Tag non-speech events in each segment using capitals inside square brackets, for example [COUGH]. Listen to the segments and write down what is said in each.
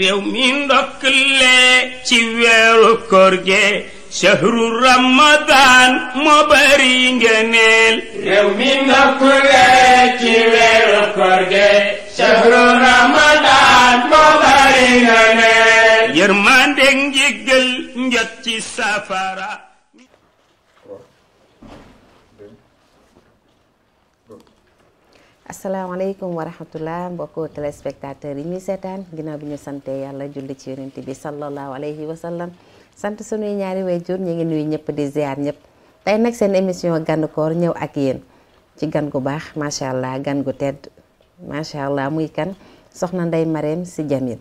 réew mi ndokkalee ci weeru koor ge shahru ramadan moo bari ngëneel réew mi ndokkalee ci weeru koor ge ramadan moo bari ngëneel yërmande njéggal njot ci safara asalaamaaleykum wa rahmatullah mbokku téléspectateurs yi ñuy sétane ginaaw bi ñu sante julli ci yonent bi sallallahu alayhi wa sallam sant sunuy ñaari waajur ñi ngi nuyu ñëpp di ziar ñëpp tay nak seen émission gan koor ñew ak yeen ci gan gu baax allah gan gu tedd allah muy kan soxna nday Marème si Djamil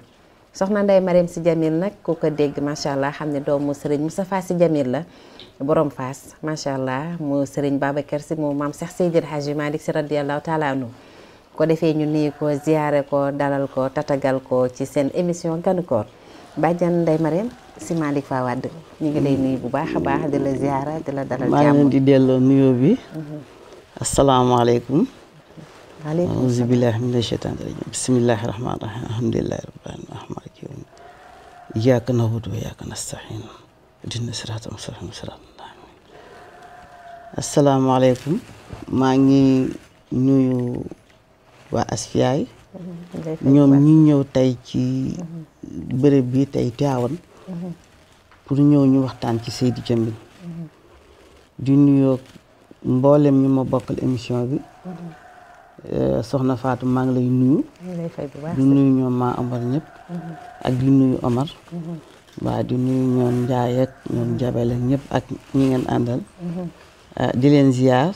soxna nday Mariam si Jamil nak ku ko dégg macha allah xam ne doomu Serigne Moustapha si jamil la borom Fass macha allah mu Serigne Babacar si mu mam Cheikh seydir Hadji malik Sy radiyallahu taala nu ko defé ñu ni ko ziaré ko dalal ko tatagal ko ci sen émission ganu ko badian nday Mariam si Malik Fa wad ñi ngi lay nuyu bu baaxa baax di la ziyaara di la dalal jamm ma ngi di delo nuyoo bi mhm. asalaamaaleykum auzu billahi mina sheytaani rajim bismillahi rahmaani rahim alhamdulillahi rabbil aalamiin maaliki yawmi diin iyyaaka na'budu wa iyyaaka nasta'iin ihdina siraatal mustaqiim siraatal laaziin asalaamaaleykum maa ngi nuyu waa Asfiyahi ñoom ñi ñëw tey ci bërëb bi tey Tiwaawan pour ñëw ñu waxtaan ci Seydi Djamil di nuyoo mboolem ñu ma bokkal émission bi Euh, soxna Fatou maa ngi lay nuyu. di nuyu ñoom maa Omar ñëpp. Mhm. ak di nuyu Omar. Mhm. waa di nuyu ñoom Ndiaye ñoom Jabel ak ak ñi ngeen àndal. Mhm. Ah, di leen ziar.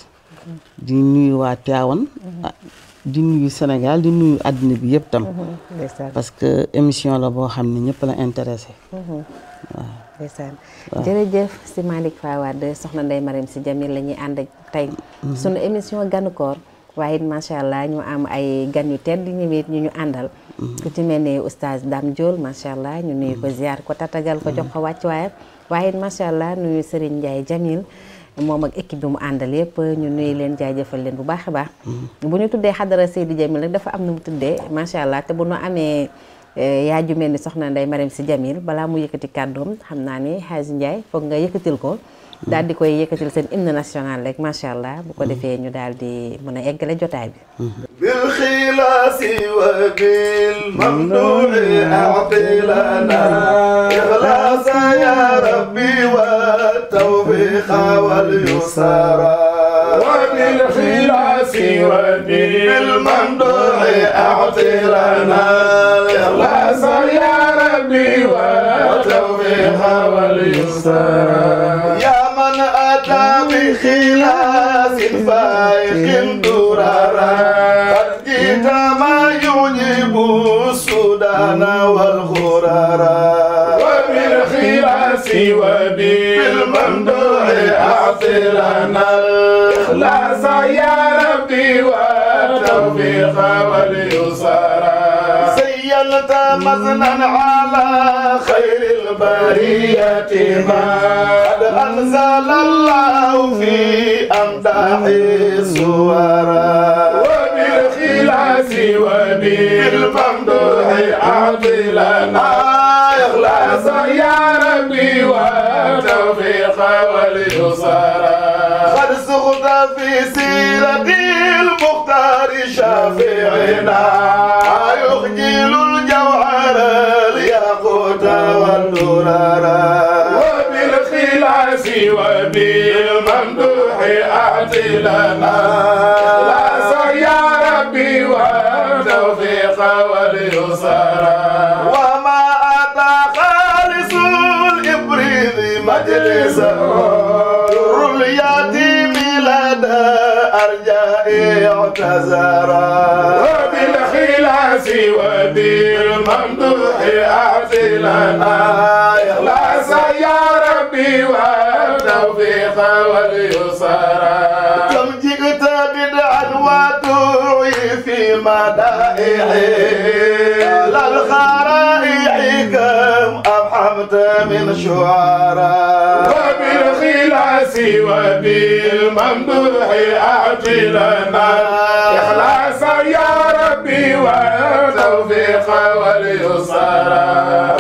di nuyu waa Tivaouane. Ah, di nuyu Sénégal di nuyu àddina bi yëpp tam. parce que émission la boo xam ne ñëpp la intéressé. waaw ndeysaan jërëjëf si Malick Fawad si Jamil la ànd tey. sunu émission ganu waaye it macha allah ñu am ay gan yu tedd ñëwit ñu ñu àndal. Mm-hmm. ku ci mel ni oustaz Dame Diol macha allah ñu nuyu ko mm-hmm. ziar ko tatagal ko jox ko wàcc mm-hmm. wàccuwaayam waaye it macha allah nuyu Serigne Ndiaye Jamil. moom ak équipe bi mu àndal yëpp ñu nuyu leen jaay jaajëfal leen bu baax a baax. bu ñu tuddee xadara Seydi Jamil nag dafa am nu mu tuddee macha allah te bu nu amee eh, yaay ju mel ni soxna ndey Marème si Jamil balaa mu yëkkati kàddoom xam naa ni Hadj Ndiaye foog nga yëkkatil ko. daal di koy yëkkatil seen national rek macha bu ko mm-hmm. defee ñu daal di mën a eggale mm-hmm. bil xilaasi wa bil mamnuuni aqilana ixlaasa ya rabbi wa tawfiqa wal wa bil xilaasi wa bil ناس فايق درارا قد جئت يجيب السودان والغرارا وبالخلاف وبالممدوح أعطرنا الإخلاص يا ربي والتوفيق واليسر سيلت مزنا على خير البرية ما قد أنزل الله في أمداح الصورة وبالخلاف وبالممدوح عطلنا إخلاص يا ربي والتوفيق واليسر قد سقط في سيرة المختار شافعنا والنورارا وبالخلاص وبالممدوح أعطي لنا لا يا ربي والتوفيق واليسرى وما أتى خالص الإبريد مجلسه اليتيم لدى أرجاء اعتذرا العسي وبالممدوح الممدوح لنا إخلاصا يا ربي والتوفيق واليسر النبوي في مدائعي على الخرائع كم أبحمت من شعراء وبالخلاص وبالممدوح أعطي لنا إخلاصا يا ربي والتوفيق واليسر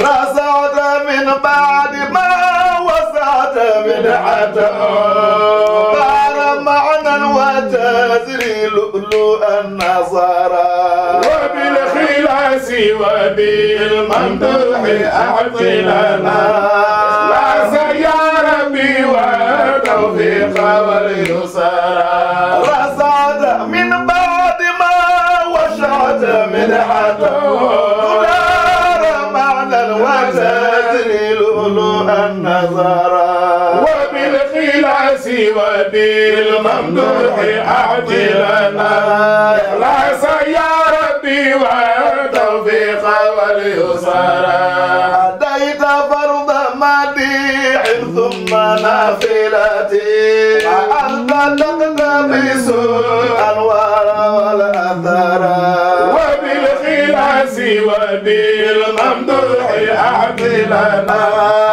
رسعت من بعد ما وسعت من عدم النزر لؤلؤا نصارا وبالخلاس وبالممدوح أعطلنا رأس يا ربي وتوفيق واليسرا رصاد من بعد ما وشعت منحته دولار معنى الوزن لؤلؤ نصارا وبالممدوح أعطي لنا إخلاص يا ربي والتوفيق واليسر أديت فرض مديح ثم نافلتي وأنت تقتضي سوء الأنوار والأثر وبالخلاص وبالممدوح أعطي لنا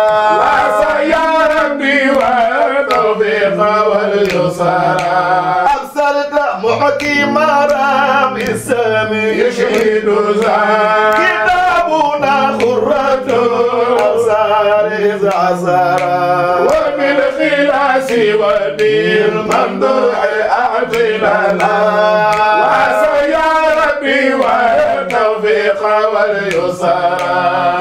أرسلت محكي مرام السام يشهد كتابنا خرة أبصار إذا عصارا ومن خلاس ودي الممدوح أعطينا وعسى يا ربي والتوفيق واليسار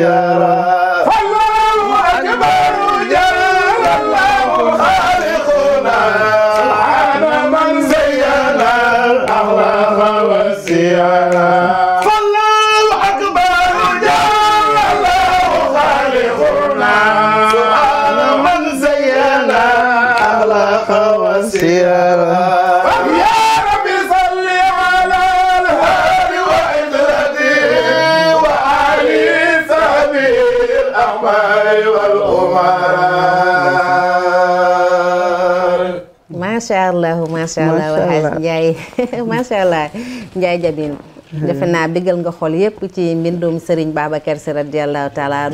يا رب macha allah macha allah Njaay macha allah Njaay Jamil defe naa béggal nga xool yëpp ci mbindum Serigne Babacar Sy radiyallahu taala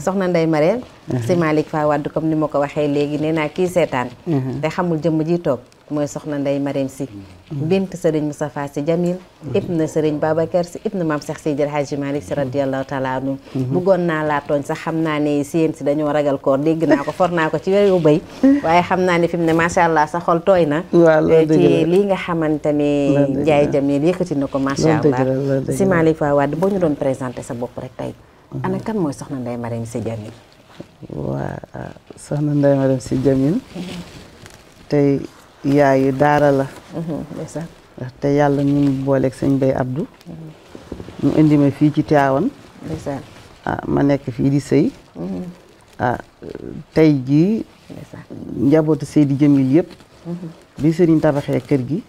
soxna ndey Marème si Malick Fa Wade comme ni ma ko waxee léegi nee naa kii seetaan mhm. te xamul jëmm ji toog mooy soxna Ndeye Marème Sy bint sëriñ Moustapha si Jamil mhm. na sëriñ Babacar si ibna maam Cheikh Seydi Hadji Malick si radiyallahu taala anhu mhm. bëggoon naa laa tooñ sax xam naa ne seen si dañoo ragal koor dégg naa ko for naa ko ci weeru béy [LAUGHS] waaye xam naa ne fi mu ne macha allah sa xol tooy na lii nga xamante ne Ndiaye Jamil yëkkati na ko macha allah si Fa Wade boo ñu doon sa bopp rek tey mhm. ana kan mooy soxna Ndeye Marième si Jamil waa soxna Ndeye Marième si Jamil tey yaayu daara la mhm, te yàlla ñu booleek booleeg sëñ Bay Abdou ñu mhm. indi ma fii ci Tiwaawan ah ma nekk fii di sëy mhm. ah, tey ji njabootu Seydi Jamil yëpp bi sëriñ tabaxee kër gi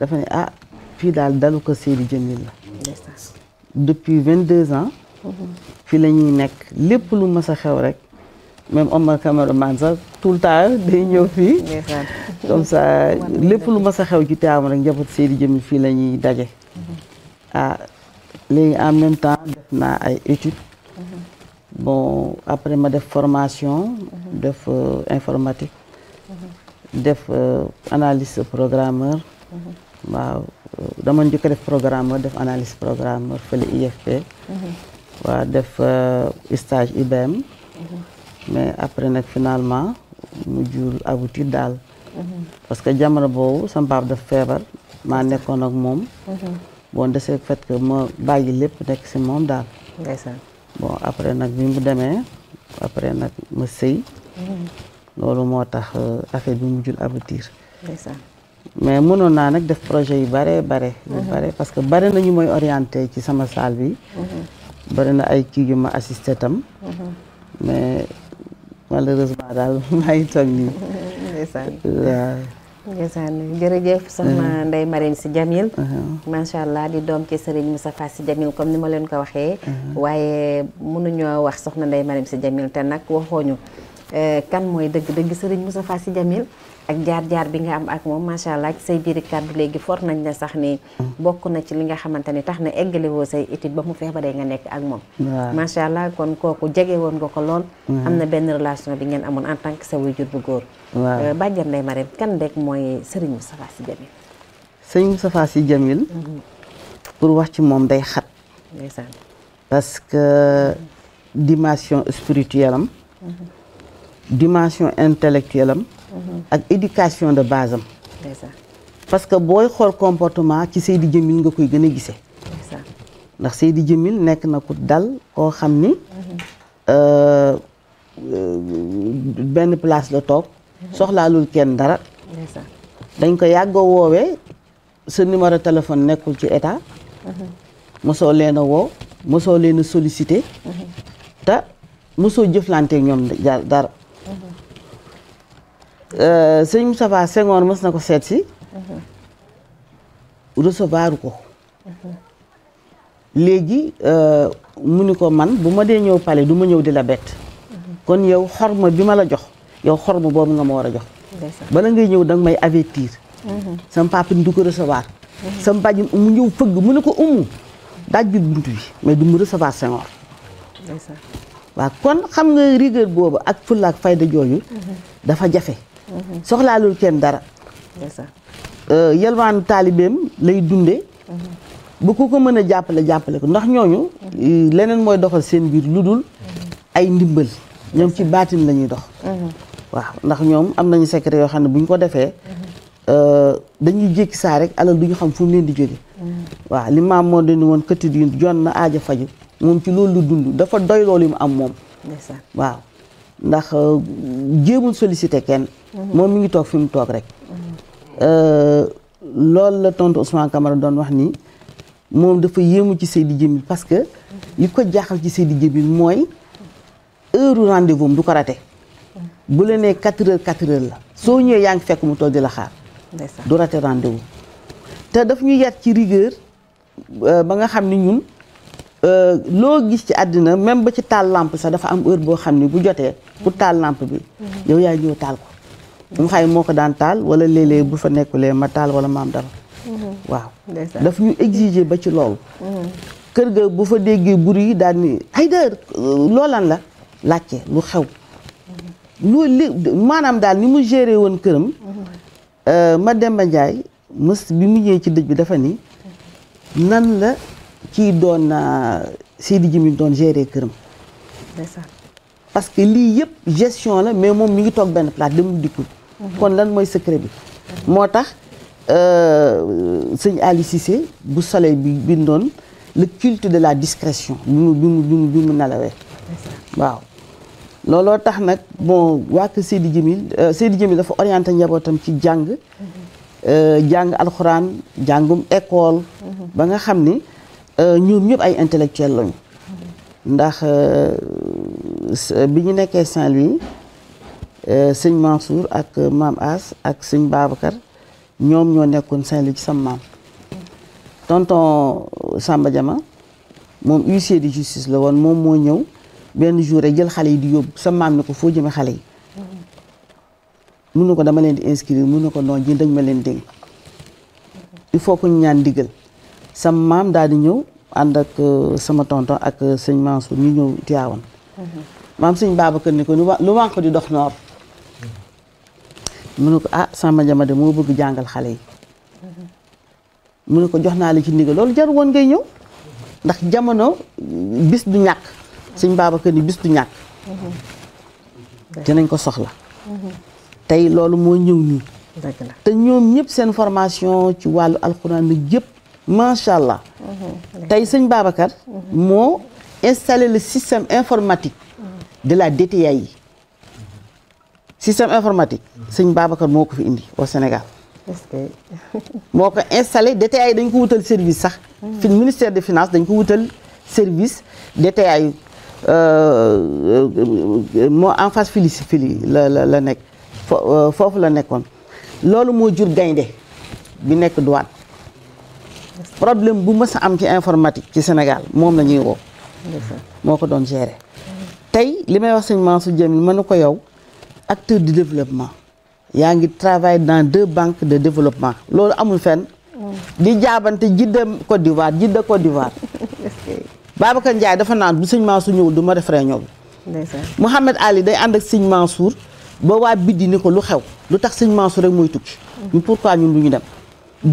dafa ne ah fii daal dalu ko Seydi Jamil la depuis vingt deux ans fii la ñuy nekk lépp lu mas a xew rek même Omar cameraman sax tout le temps des [LAUGHS] ñëw fii comme ça lépp lu ma sa xew ci taamu rek njaboot Seydi Djamil fii la ñuy mhm. ah les en même temps na ay études mhm. bon après ma formation mhm. def euh, informatique def euh, analyse programmeur bah dama njëkk def programmeur def analyse programmeur fële IFE waaw def stage IBM mais après nag finalement mu jur aboutir daal. parce que jamono boobu sama baab dafa feebar maa nekkoon ak moom. Mhm. boo desee ce fait que ma bàyyi lépp nekk si moom daal. bon après nag bi mu demee après nag ma sëy. Mhm. loolu moo tax euh, affaire bi mu jur aboutir. mais mënoon naa nag def projet yu bare bare. yu mhm. parce que bare nañu mooy orienté ci sama salle bi. bare na ay kii yu ma tam. mais malheureusement daal [LAUGHS] maa ngi toog nii. ndeysaan waaw. ndeysaan jërëjëf soxna eh. Ndeye Marème Sy Djamil. Eh. macha allah di doom ci Serigne Moustapha si Djamil comme ni ma leen ko waxee. Eh. waaye mënuñoo wax soxna Ndeye Marème Sy Djamil te nag waxooñu kan mooy dëgg-dëgg Serigne Moustapha Sy Djamil. ak jaar-jaar bi nga am ak moom macha allah ak say biir kàddu legui for nañ la sax ni bokku na ci li nga xamante ni tax na eggale say étude ba mu day nga nek ak moom macha allah kon koku jégué won nga ko lool mm-hmm. amna ben relation bi ngeen amone en tant que sa wujur bu góor euh, bàjjan Ndeye Marème kan rek moy Serigne Moustapha Sy Jamil Serigne Moustapha Sy Jamil mm-hmm. pour wax ci mom day xat parce que dimension spirituelle am mm-hmm. dimension intellectuelle am Mm-hmm. ak éducation de base am parce que booy xool comportement ci Seydi Djamil nga koy gën a gisee ndax Seydi jëmil nekk na ku dal koo xam ni mm-hmm. euh, euh, benn place la toog mm-hmm. soxlaalul kenn dara dañ ko yàgg woowee sa numéro téléphone nekkul ci état mosoo leen a woo mosoo leen solicité sollicité te mosoo jëflante ñoom dara Euh, sëñ Moustapha Senghor mës na ko seet si mhm. recevoir ko mhm. léegi euh, mu ni ko man bu ma dee ñëw pale du ma ñëw di la bett mhm. kon yow xorma bi ma la jox yow ma boobu nga ma war a jox bala ngay ñëw danga may avertir sama papa du ko recevoir sa bàjjen mu ñëw fëgg mu ne ko umu daaj bi bunt bi mais du mu recevoir Senghor waaw kon xam nga rigueur boobu ak fulla ak fayda jooju dafa jafe soxlaalul kenn dara. Euh, yelwaanu taalibeem lay dunde bu ko ko mën a jàppale jàppale ko ndax ñooñu. leneen mooy doxal seen biir lu dul ay ndimbal. ñoom ci baatin lañuy dox. waaw ndax ñoom am nañu secret yoo xam ne bu ñu ko defee. Euh, dañuy jékki saa rek alal duñu xam fu mu leen di jóge waaw li maam moo doon woon këtt di jon na aaja faju moom ci loolu dund dafa doy loolu mu am moom. waaw. ndax euh, jéemul solicité kenn mhm. moom mi ngi toog fi mu toog rek mhm. euh, loolu la tontu Ousmane Camara doon wax ni moom dafa yéemu ci Seydi Djamil parce que yi mhm. ko jaaxal ci Seydi Djamil mooy heure rendez-vous du ko raté bu la nee quatre heures quatre heures la soo ñëwee yaa ngi fekk mu toog di la xaar du raté rendez-vous te daf ñu yar ci rigueur euh, ba nga xam ni ñun Euh, loo gis ci àddina même ba ci taal lampe sax dafa am heure boo xam ne bu jotee pour taal làmp bi mhm. yow yaay ñëw taal ko mu xay moo ko daan taal wala léeg bu fa nekkulee ma taal wala maam dara mhm. waaw daf ñu exiger ba ci loolu mhm. ga bu fa déggee bruit daal ni ay dër euh, loolan la laajte lu xew lu maanaam daal ni mu géré woon këram euh, ma Demba Ndiaye mës bi mu ñëwee ci dëj bi dafa ni nan la qui donne euh, Seydi Djamil donne gérer ça. parce que li yep gestion la mais moom mi ngi toog benn place demul dikkul. Mhm. kon lan mooy secret bi. moo tax euh, sëñ Ali Cissé bu soleil bi bindoon le culte de la discrétion bi mu bi mu bi mu nalawee. waaw Lolo tax nak bon waa kër Seydi Djamil euh, Seydi Djamil dafa orienté njabootam ci jàng. Mhm. jang alxuraan jàngum école. Mhm. ba nga xam ni. Euh, ñoom ñëpp ay intellectuel lañu ndax euh, euh, bi ñu nekkee Saint-Louis sëñ Mansour ak maam As ak sëñ Babacar ñoom ñoo nekkoon Saint-Louis ci sama maam tonton Samba Diama moom huissier de justice la woon moom moo ñëw benn jour rek jël xale yi di yóbbu sa maam ne ko foo jëme xale yi mun na ko dama leen di inscrire mun na ko noon ji dañ ma leen dénk il faut que ñu ñaan ndigal sama mam daal di ñew and ak sama tonton ak seigne mansou ñu tiawon. Tiwaawan maam mhm. sëñ Babacar ni ko lu wank di dox nor mu ko ah sama jama de mo bëgg jangal xalé yi mhm. mu ko joxna li ci ndiga loolu jar won ngay ñew ndax jamono bis du ñàkk sëñ Babacar ni bis du ñàkk mhm. dinañ ko soxla tay loolu mo ñew ni te ñoom seen formation ci walu alcorane nag macha allah. tey sëñ Mo, installer installé le système informatique. de la DTAI. système informatique. Mhm. sëñ Babacar moo ko fi indi au Sénégal. ce que? [LAUGHS] installé DTIA yi dañ ko wutal service sax. Mhm. fi ministère des finances dañ ko service DTAI. yi euh, euh, en face fili fili la la la nekk euh, foofu la nekkoon. loolu moo jur gaynde bi nekk problème bu mës a am ci informatique ci Sénégal moom la ñuy woo moo ko doon gérer tey li may wax sëñ su Djamil mën na ko yow acteur du développement yaa ngi travaille dans deux banque de développement loolu amul fenn di jaabante jidda Côte d'Ivoire jidda Côte d'Ivoire [LAUGHS] Babacar Ndiaye dafa naan bu sëñ su ñëwul duma ma def réunion bi Mouhamed Ali day ànd ak sëñ suur ba waa biddi ni ko lu xew lu tax sëñ Mansour rek mooy tukki ñu mm. pourquoi ñun ñu dem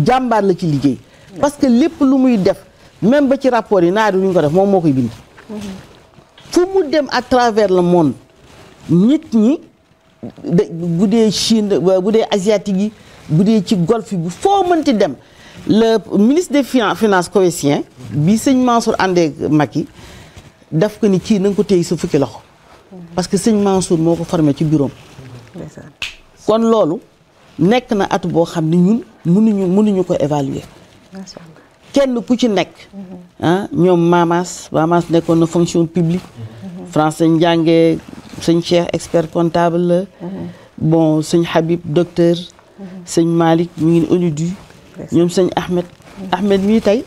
jàmbaar la ci liggéey parce que lépp lu muy def même ba ci rapport yi naar lu ñu ko def moom moo koy bind fu mu dem ak travers le monde nit ñi bu dee Chine bu dee asiatique yi bu dee ci golfe yi bu foo mënti dem le ministre des finance koweïtien bi sëñ Mansour àndee yi daf ko ni kii na ko téye sa fukki loxo parce que sëñ Mansour moo ko formé ci bureau kon loolu nekk na at boo xam ne ñun mënuñu mënuñu ko évaluer kenn ku ci nekk mhm. ah ñoom Mamas Mamas nekkoon na fonction publique mhm. français njànge sëñ Cheikh expert comptable mhm. bon sëñ Habib docteur sëñ Malick mu ngi ONUDU ñoom sëñ Ahmed Ahmed mii tey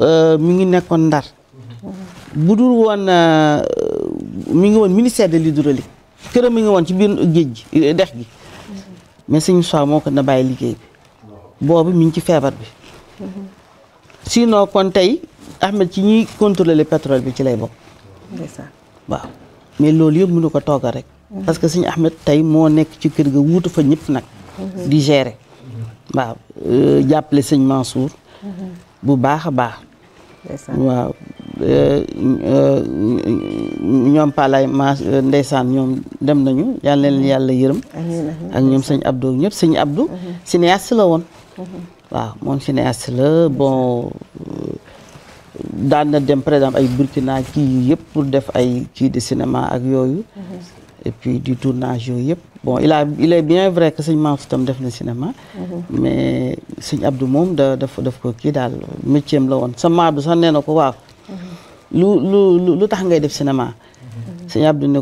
euh, mi ngi nekkoon Ndar bu dul woon euh, mi ngi woon ministère de l'hydraulique këram mi ngi woon ci biir géej gi dex gi mais sëñ Sow moo ko na bàyyi liggéey bi boobu mi ngi ci feebar bi sinon kon tey Ahmed ci ñiy contrôler pétrole bi ci lay bokk. waaw mais loolu yëpp mënu ko tooga rek. Mhm. parce que suñu Ahmed tey moo nekk ci kër ga wutu fa ñëpp nag. Mhm. di gérer. waaw euh, jàppale sëñ Mansour. Mhm. bu baax a baax. waaw euh, euh, ñoom Palaay ma ndeysaan ñoom dem nañu yàlla leen yàlla yërëm. ak ñoom sëñ Abdou ñëpp sëñ Abdou. cinéaste la woon. waaw moom cinéaste là, bon euh, dans na dem par exemple na Burkina kii est pour def ay qui de cinéma ak mhm. et puis du tournage yooyu bon il a il est bien vrai que sëñ Mansour tam def na cinéma. Mhm. mais c'est Abdou moom da daf daf ko kii daal métier am la woon sa maadu sax nee na ko waaw. Mhm. lu lu lu tax ngay def cinéma. c'est Abdou ne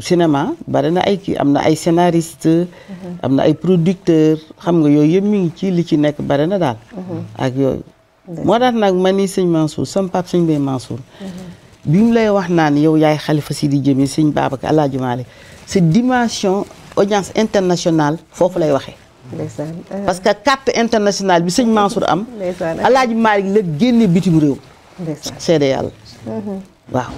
cinéma bari na ay kii am na ay scénariste mhm. am na ay producteur xam nga yooyu yëpp mi ngi ci li ci nekk bari na daal mhm. ak yooyu moo tax nag man ni sëñ Mansour sama pap sëñ Bay Mansour mhm. bi mu lay wax naan yow yaay xalifa si di jëmi sëñ Babacar Alaaji Maalik sa dimension audience internationale foofu lay waxee euh. parce que carte internationale bi sëñ Mansour am Alaaji Maalik la génne bitim réew seede yàlla waaw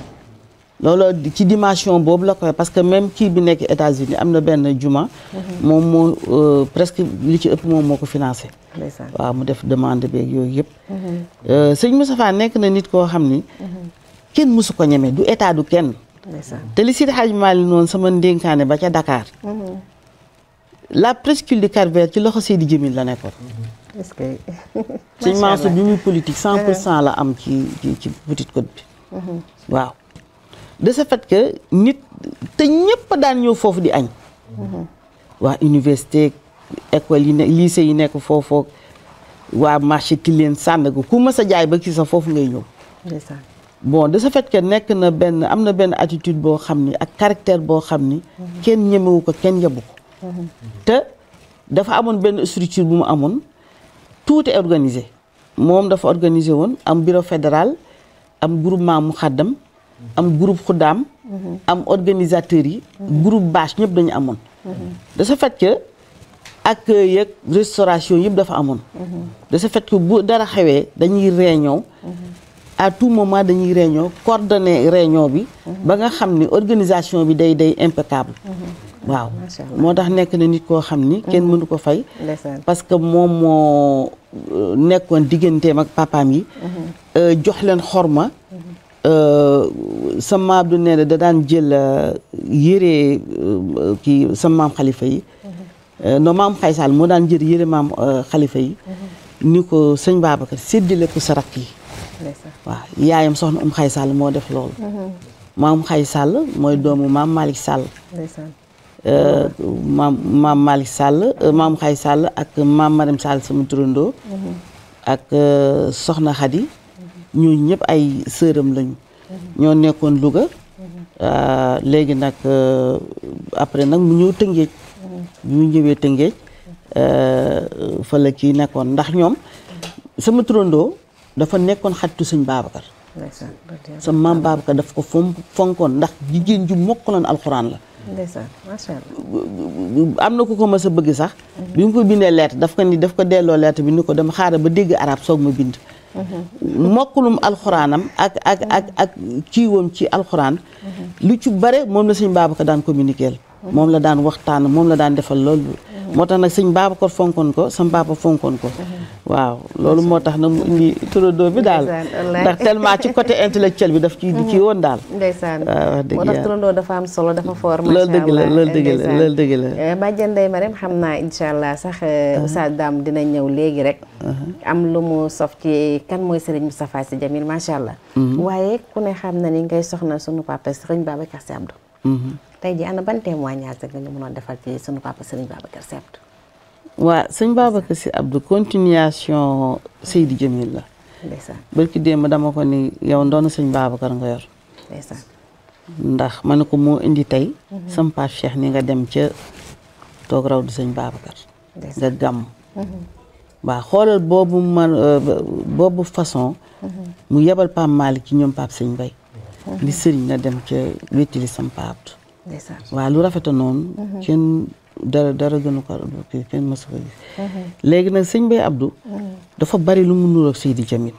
loolu ci dimension bobu la koy parce que même kii bi nek États-Unis am na benn juma. moom moo euh, presque li ci ëpp mom moko financer financé. waaw mu def demande beeg yooyu mhm. euh sëñ Moustapha nek na nit ko xamni ni. Mhm. kenn mësu ko ñeme du état du kenn. te li Sidi Hadj Malick noonu sama ndenkané ba ca Dakar. Mhm. la prescule de carver ci loxo Seydi Djamil la nekkoon. est-ce que. sëñ [LAUGHS] Mansour bi muy politique 100 la am ci ci ci Petite Côte bi. waaw. de ce fait que nit te ñëpp daan ñëw foofu di añ waa université école yi ne lycée yi nekk foofu waa marché Tilène Sandaga ku mës a jaay ba kii sax foofu ngay ñëw bon de ce nekk na benn am na benn attitude boo xam ni ak caractère boo xam ni kenn ñemewu ko kenn yebu ko te dafa amoon benn structure bu mu amoon tout est moom dafa organisé woon am bureau fédéral am groupement mu xaddam am groupe xuddaam am organisateurs yi groupe bâche ñëpp dañu amoon dasa ce fait que restauration yëpp dafa amoon de ce bu dara xewee dañuy réunion à tout moment dañuy réunion coordonné réunion bi ba nga xam ni organisation bi day day impeccable waaw moo tax nekk na nit koo xam ni kenn mënu ko fay parce que moom moo euh, nekkoon digganteem ak papaam yi mhm. euh, jox leen xorma mhm. Euh, sa maam Abdou nee da daan jël euh, yére euh, kii sa maam xalifa yi mhm. non maam xaysaal moo daan jël yére maam xalifa yi mhm. ni ko sëñ Babacar séddale ko sa rakk yi yaayam soxna um xay sàll moo def loolu mhm. maam xay sàll maam Malick Sall maam maam xay sàll ak maam Maram Sall sama turandoo ak soxna Xadi ñooñu ñëpp ay sëram lañu. ñoo nekkoon Louga. Euh, léegi nag euh, après nag mu ñëw Tëngéej. bi mu ñëwee Tëngéej euh, fa kii nekkoon ndax ñoom sama turandoo dafa nekkoon xaritu sëñ Babacar. sa maam Babacar daf ko fon fonkoon ndax jigéen ju mokkaloon alxuraan la. ndeysaan macha allah. am na ku ko ma a bëgg sax. bi mu ko bindee lettre daf ko ni daf ko delloo lettre bi ni ko dem xaaral ba dégg arab soog ma bind. mokkulum alxuraanam ak ak ak ak kiiwam ci alxuraan. lu ci bare moom la sëñ Babacar daan communiquer mhm. moom la daan waxtaan moom la daan defal loolu. moo tax nag sëñ ko fonkoon ko sam Baba fonkoon ko [LAUGHS] waaw loolu moo tax nag mu indi turandoo bi daal ndax tellement ci côté intellectuel bi daf ci di ci [LAUGHS] woon daal ndeysaan waaw dëgg moo tax turandoo dafa am solo dafa foor loolu dëgg la loolu dëgg dëgg la bàjjan eh, Ndeye Marème xam naa incha allah sax eh, uh-huh. Oustaz daam dina ñëw léegi rek uh-huh. am lu mu sof ci kan mooy sëriñ Serigne Moustapha Sy Djamil macha allah uh-huh. waaye ku ne xam na ni ngay soxna sunu papa Serigne Babacar Sy Abdou tey jii ana ban témoignage rek nga ñu mënoon defal ci sunu papa Serigne Babacar Sy Abdou. waaw sëñ Babacar Sy Abdou continuation Seydi Djamil la. ndeysaan barki démb dama ko ni yow ndoonu sëñ Babacar nga yor. ndax ma ne ko moo indi tey. Mhm. sam papa Cheikh ni nga dem ca toog raw du sëñ Babacar. nga gàmm. Mhm. waaw xoolal boobu man euh, boobu façon. Mhm. mu yebal Pape Malick ci ñoom Pape Sëñ Bay. li sëriñ na dem ca wétali sam waa lu rafetoon noonu. Mhm. kenn dara dara gënu ko kii kenn mësu ko gis. Mhm. léegi nag sëñ Baye Abdou. Mhm. dafa bari lu mu nuroog Seydi Jamil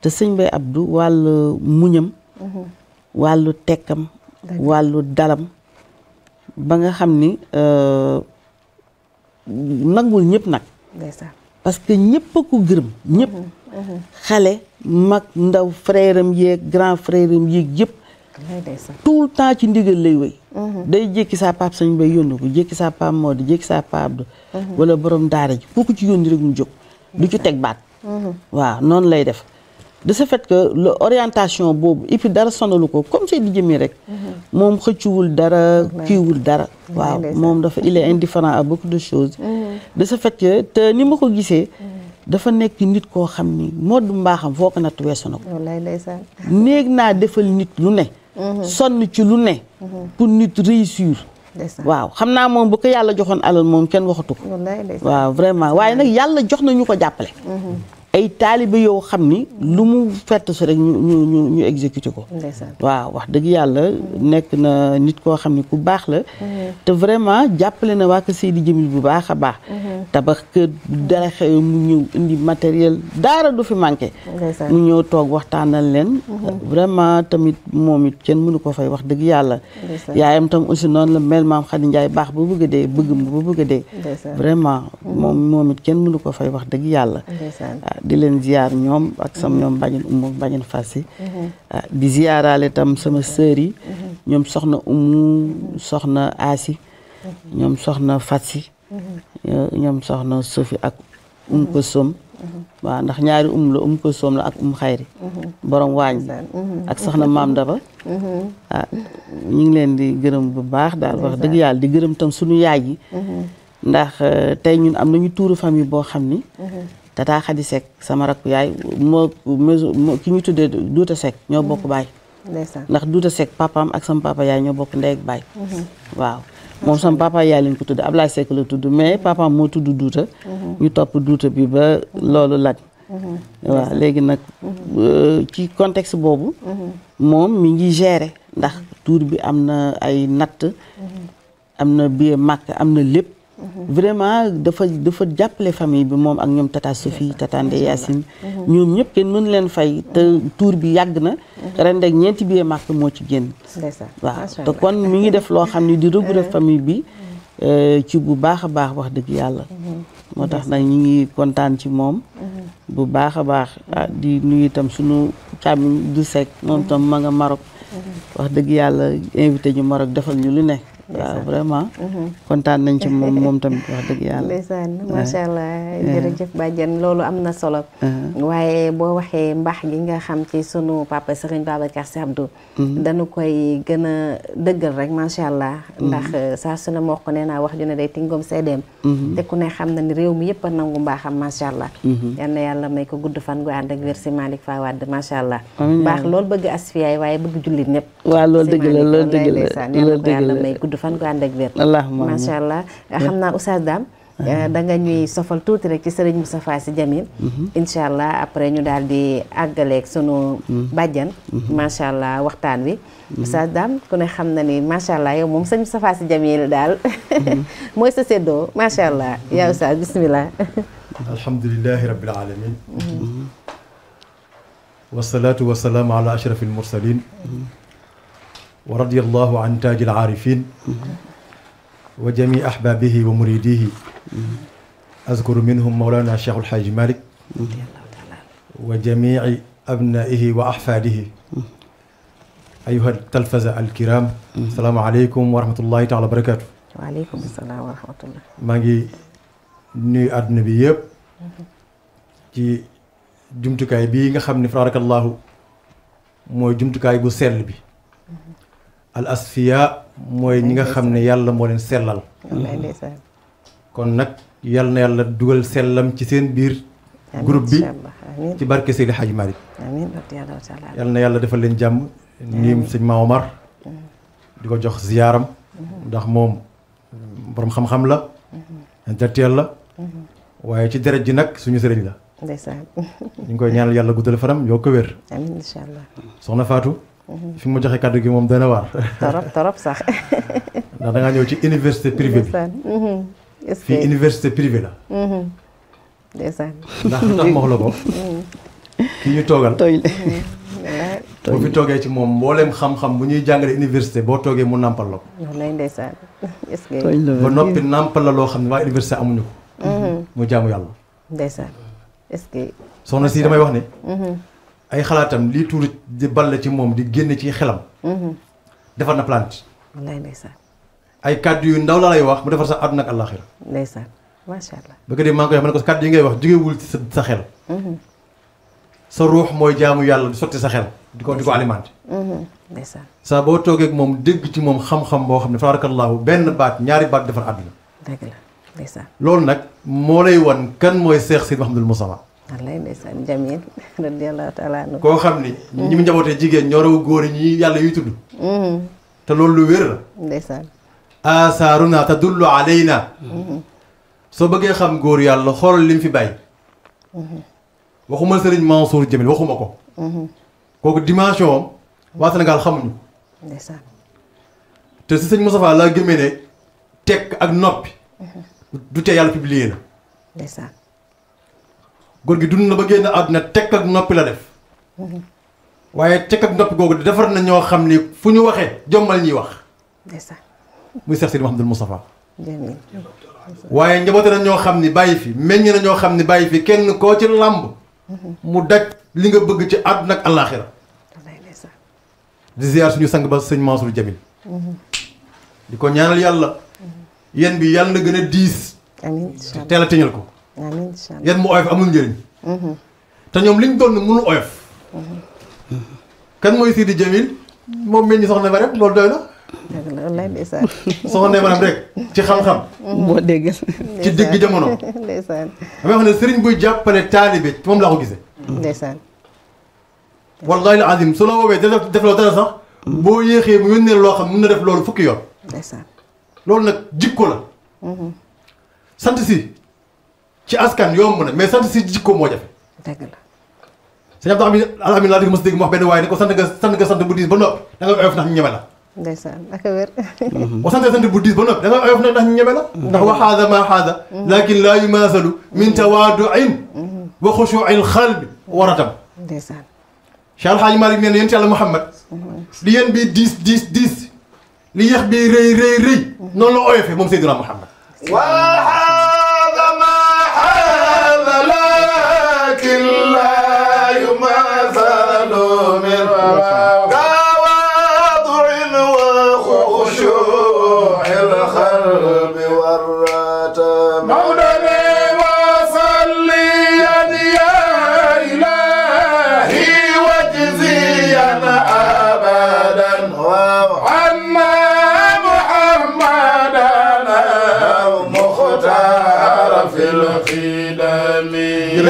te sëñ Baye Abdou wàllu muñam. wàllu tekkam. wàllu dalam. ba nga xam ni euh, nangul ñëpp nag. parce que ñëpp ko gërëm ñëpp. xale mag ndaw frère am yeeg grand frère am yeeg yëpp. tout le temps ci ndigal lay wey mhm. day jékki sa paap sañ bay yónni ko jékki sa paap moo di sa saa mhm. wala borom daara ji foo ko ci yónni rek mu jóg du ci tek bat mhm. wa non lay def de ce fait que l'orientation boobu et puis dara sonaluko comme c'est di jëmee rek moom xëccuwul dara kiiwul dara waaw moom dafa il est indifférent à beaucoup de choses de ce fait que te ni ma ko gisee dafa nek nit koo xam ni moo du mbaaxam foo ko natt weesu na defal nit lu ne Mhm. sonn ci lu ne. Mhm. pour nit réussir. waaw xam naa moom bu ko yàlla joxoon alal moom kenn waxatu ko. waaw vraiment waaye nag yàlla jox na ñu ko jàppale. Mhm. ay taalibe yow xam ni lu mu fett si rek ñu ñu ñu ñu exécuté ko waaw wax dëgg yàlla nekk na nit koo xam ni ku baax la mhm. te vraiment jàppale na waa ko Seydi Djamil bu baax a baax mhm. tabax kër dara xew mu ñëw indi matériel daara du fi manqué mu ñëw toog waxtaanal leen mhm. vraiment tamit moom it kenn mënu ko fay wax dëgg yàlla yaayam tam aussi noonu la mel maam Khady baax ba bëgg a dee bëggam ba bëgg a dee vraiment moom moom it kenn mënu ko fay wax dëgg yàlla di leen ziar ñoom ak sam mhm. ñoom bañin umu bañin fas yi mhm. ah, di ziaraale tam sama sœur mhm. ñoom soxna umu soxna asi ñoom soxna fas si ñoom soxna sofi ak um ko som waaw ndax ñaari um la um ko soom la ak um xayri borom waañ ak soxna maam daba ah ñu ngi leen di gërëm bu baax daal wax dëgg yàlla di gërëm tam suñu yaay yi ndax eh, tey ñun am nañu tuuru famille boo xam ni tata Xadi Seck sama rakk yaay moo moo ki ñu tuddee Duuta Seck ñoo bokk mm-hmm. baay. ndax Duuta Seck papaam ak sama papa yaay ñoo bokk ndey ak baay. Mm-hmm. waaw moom sama papa yaay lañ ko tudd Ablaye Seck la tudd mais mm-hmm. papaam moo tudd Duuta. ñu topp Duuta bi ba loolu lañ. waaw léegi nag euh, ci contexte boobu. moom mi ngi gérer ndax tuur bi am na ay natt. am na biir màkk am na lépp. vraiment dafa dafa jàppale famille bi moom ak ñoom tata Sophie tata Ndeye Yacine mm-hmm. ñoom ñëpp kenn mën leen fay te tour bi yàgg na mm-hmm. ren rek ñeenti billets marqué moo ci génn waaw te kon mi ngi def loo xam ne di regrouper mm-hmm. famille bi euh, ci bu baax a baax wax dëgg yàlla moo tax nag ñu ngi kontaan ci moom bu baax a baax ah, di nuyu itam suñu càmmiñ du sec moom tam ma nga Maroc wax dëgg yàlla invité ñu Maroc defal ñu lu ne waaw ya, vraiment mhm. kontaan nañ ci moom moom tamit ya. wax dëgg yàlla ndeysaan macha allah ya. jërëjëf bàjjan loolu am na solo waaye boo waxee mbaax gi nga xam ci sunu papa Serigne Babacar Sy Abdou mhm. Danu koy gën a dëggal rek macha allah ndax mhm. eh, saa su ne moo ko nee naa wax ju ne day tingoom seedeem te ku ne xam na ni réew mi yëpp a nangu mbaaxam macha allah yal na yàlla may ko gudd fan gu ànd ak wér si Malick Fawad macha allah baax loolu bëgg asfiyaay waaye bëgg jullit ñëpp waaw loolu dëgg la loolu dëgg la loolu dëgg la gudd fan gu ànd ak wér macha allah xam naa Oustaz Dame da nga ñuy sofal tuuti rek ci sëriñ Moustapha Sy Jamil incha allah après ñu daal di àggaleek sunu bàjjan macha allah waxtaan wi Oustaz Dame ku ne xam na ni macha allah yow moom sëriñ Moustapha Sy Jamil daal [LAUGHS] mooy sa séddoo macha allah yaa Oustaz [LAUGHS] ورضي الله عن تاج العارفين وجميع أحبابه ومريديه أذكر منهم مولانا الشيخ الحاج مالك وجميع أبنائه وأحفاده أيها التلفزة الكرام السلام عليكم ورحمة الله تعالى وبركاته وعليكم السلام ورحمة الله maa ngi nuyu بيب جي جمتكاي بي jumtukaay فرارك الله مو جمتكاي farakallaahu mooy al asfiya mooy ñi nga xam ne yàlla moo leen sellal kon nag yàlla na yàlla dugal sellam ci seen biir groupe bi ci barke Seydi Hadji Malick yàlla yàlla defal leen jàmm niim sëñ Ma mm-hmm. di ko jox ziyaaram mm-hmm. ndax moom borom xam-xam la intellectuel mm-hmm. la waaye ci deret ji nag suñu sëriñ la ñu ngi koy ñaanal yàlla guddal fanam yoo ko wér soxna Fatou fi mu joxe kàddu gi moom dana waar. torop torop sax. ndax da ñëw ci université privée bi. Mhm. fii université privée la. Mhm. ndeysaan. ndax lu tax wax la ko. Mhm. ki ñu toogal. [LAUGHS] bu fi toogee ci moom mbooleem xam-xam bu ñuy jàngale université boo toogee mu nàmpal la ko. wallaay ndeysaan. est ba noppi nàmpal la loo xam ne waa université amuñu ko. mu jaamu yàlla. ndeysaan est soxna si damay wax ne. ay xalaatam lii tuuru di ball ci moom di génn ci xelam. Mhm. defar na plante. ay kàddu yu ndaw la lay wax mu defar sa àdduna ak àllaaxira. ndeysaan allah. ba ko dee maa ngi koy wax ma ne ko kàddu yi ngay wax jógewul ci sa xel. Mhm. sa ruux mooy jaamu yàlla du sotti sa xel. di ko di ko alimenté. ndeysaan. Mhm. boo toogee moom dégg ci moom xam-xam boo xam ne fabarakallaahu benn baat ñaari baat defar àdduna. dëgg loolu nag moo lay wan kan mooy Seex Sidi Mouhamadul Moustapha wallaay [LAUGHS] koo xam ni. ñi mu njabootee jigéen ñoo raw góor ñi yàlla yuy tudd. Mm-hmm. te loolu lu wér la. ndeysaan. asaaruna tadullu alayna. Mm-hmm. soo bëggee xam góor yàlla xool li fi bàyyi. Mm-hmm. waxuma Serigne Mansour Jamil waxuma ko. kooku dimension am waa Sénégal xamuñu. te si sëñ Moustapha laa gëmee ne tekk ak noppi. du tee yàlla publier la. góor gi dund na ba génn àdduna tekk ak noppi la def waaye tekk ak noppi googu defar na ñoo xam ni fu ñu waxee jommal ñuy wax muy Seex Sidi Mahamadul Moustapha waaye njaboote na ñoo xam ni bàyyi fi meññ na ñoo xam ni bàyyi fi kenn koo ci làmb mu daj li nga bëgg ci àdduna ak àllaaxira di ziar suñu sang ba sëñ Mansour di ko ñaanal yàlla yenn bi yàlla na gën a diis te teel a ko amiin incha yan mu oyof amul njëriñ. Mhm. te ñoom liñ doon mënu oyof. Mhm. kan mooy Sidi Jamil moom mel ni soxna ma rek loolu doy na. dëgg la wallaahi ndeysaan. rek ci xam-xam. boo mhm. dégg. ci digg jamono. [LAUGHS] ndeysaan damay wax ne sëriñ buy jàppale taalibe moom laa ko gisee. ndeysaan. wallaahi la azim su la woowee def def loolu dara sax. boo yéexee mu yónnee loo xam mun na def loolu fukki yoon. ndeysaan loolu nag jikko la. sant si. ci askan yomb na mais sant si jikko moo jafe. la. sëñ Abdou Amin Alamin laa dégg mos dégg mu wax ne ko sant nga sant nga sant bu ba noppi da nga oyof ndax ñu ñeme la. ndeysaan [LAUGHS] ndax ñu ñeme la. ndax wa xaada maa xaada. Mm-hmm. laakin laa yumaasalu. min mm-hmm. tawaaduin mm-hmm. wa xushuuil xalbi waratam. ndeysaan. Cheikh Al Hadj Malick nee na yéen li yéen bii diis diis diis. li yéex bii rëy rëy rëy. noonu la oyofee moom Seydina Mouhamed.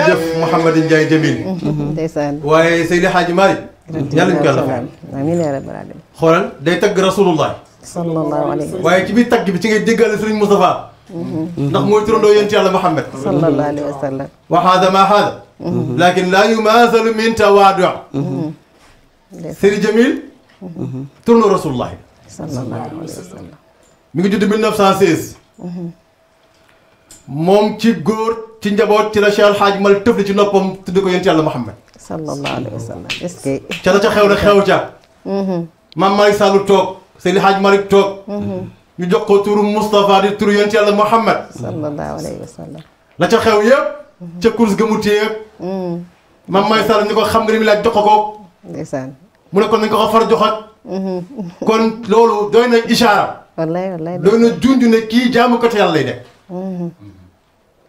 jërëjëf Mouhamadou Ndiaye Jamil mhm. ndeysaan waaye Seydi Hadji Malick yàlla ñu ko yàlla fay xoolal day tagg rasulullah sallallahu alayhi wa sallam waaye ci biir tagg bi ci ngay déggaale Serigne Moustapha mhm. ndax mooy turandoo yonent yàlla Muhammad sallallahu alayhi wa sallam wa haada maa haada mhm. lakin laa yumaathalu min tawaadu Seydi Jamil turandoo rasulullah sallallahu alayhi wa sallam mi ngi judd 1916 moom ci góor ci njaboot ci la Cheikh El Hadj Malick tëfli ci noppam tudd ko yonent yàlla Muhammad sallallahu alayhi wa sallam est-ce que. ca la ca xew la xew ca. Mm-hmm. maam Malick Sall toog Seydi Hadj Malick toog. Mm-hmm. ñu jox ko turu Moustapha di turu yonent yàlla Muhammad sallallahu alayhi wa sallam. la ca xew yëpp. Mm-hmm. ca course gëmute yëpp. maam Malick Sall ñu ko xam nga ni mu laaj jox ko ko. ndeysaan mu ne kon nañ ko ko far joxat. kon loolu doy na ishaara. wallaay wallaay doy na junj ne kii jaamu ko te yàlla lay def.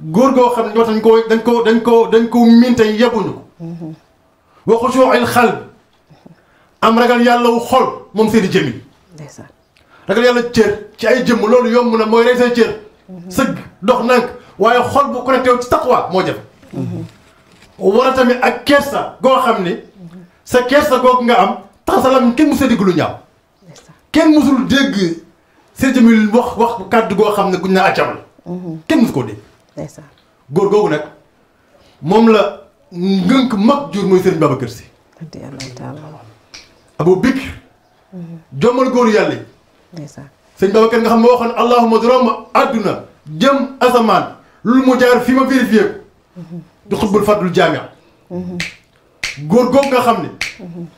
góor goo xam ne ñoo tañ koo dañ ko dañ koo dañ ko miin te yebuñu ko wa xushuu'il qalb am ragal yàlla wu xol moom Seydi Djamil ragal yàlla cër ci ay jëmm loolu yomb na mooy rey say cër sëgg dox nànk waaye xol bu connecté wu ci taqwa moo jafe war tamit ak kersa goo xam ne sa kersa googu nga am tax sa lam kenn musul dégg lu ñaaw kenn musul dégg Seydi Djamil wax wax kàdd goo xam ne guñ naa accam mhm. kenn musu koo dégg góor googu nag moom la ngënk mag jur mooy sëriñ Babacar Si Abu Bikr mhm. jommal góoru yàlla yi sëriñ Babacar nga xam ma waxoon allahuma droma àdduna jëm asamaan lu mu jaar fi ma vérifié ko mhm. di xutbul fàddul jaamia mhm. góor googu nga xam ne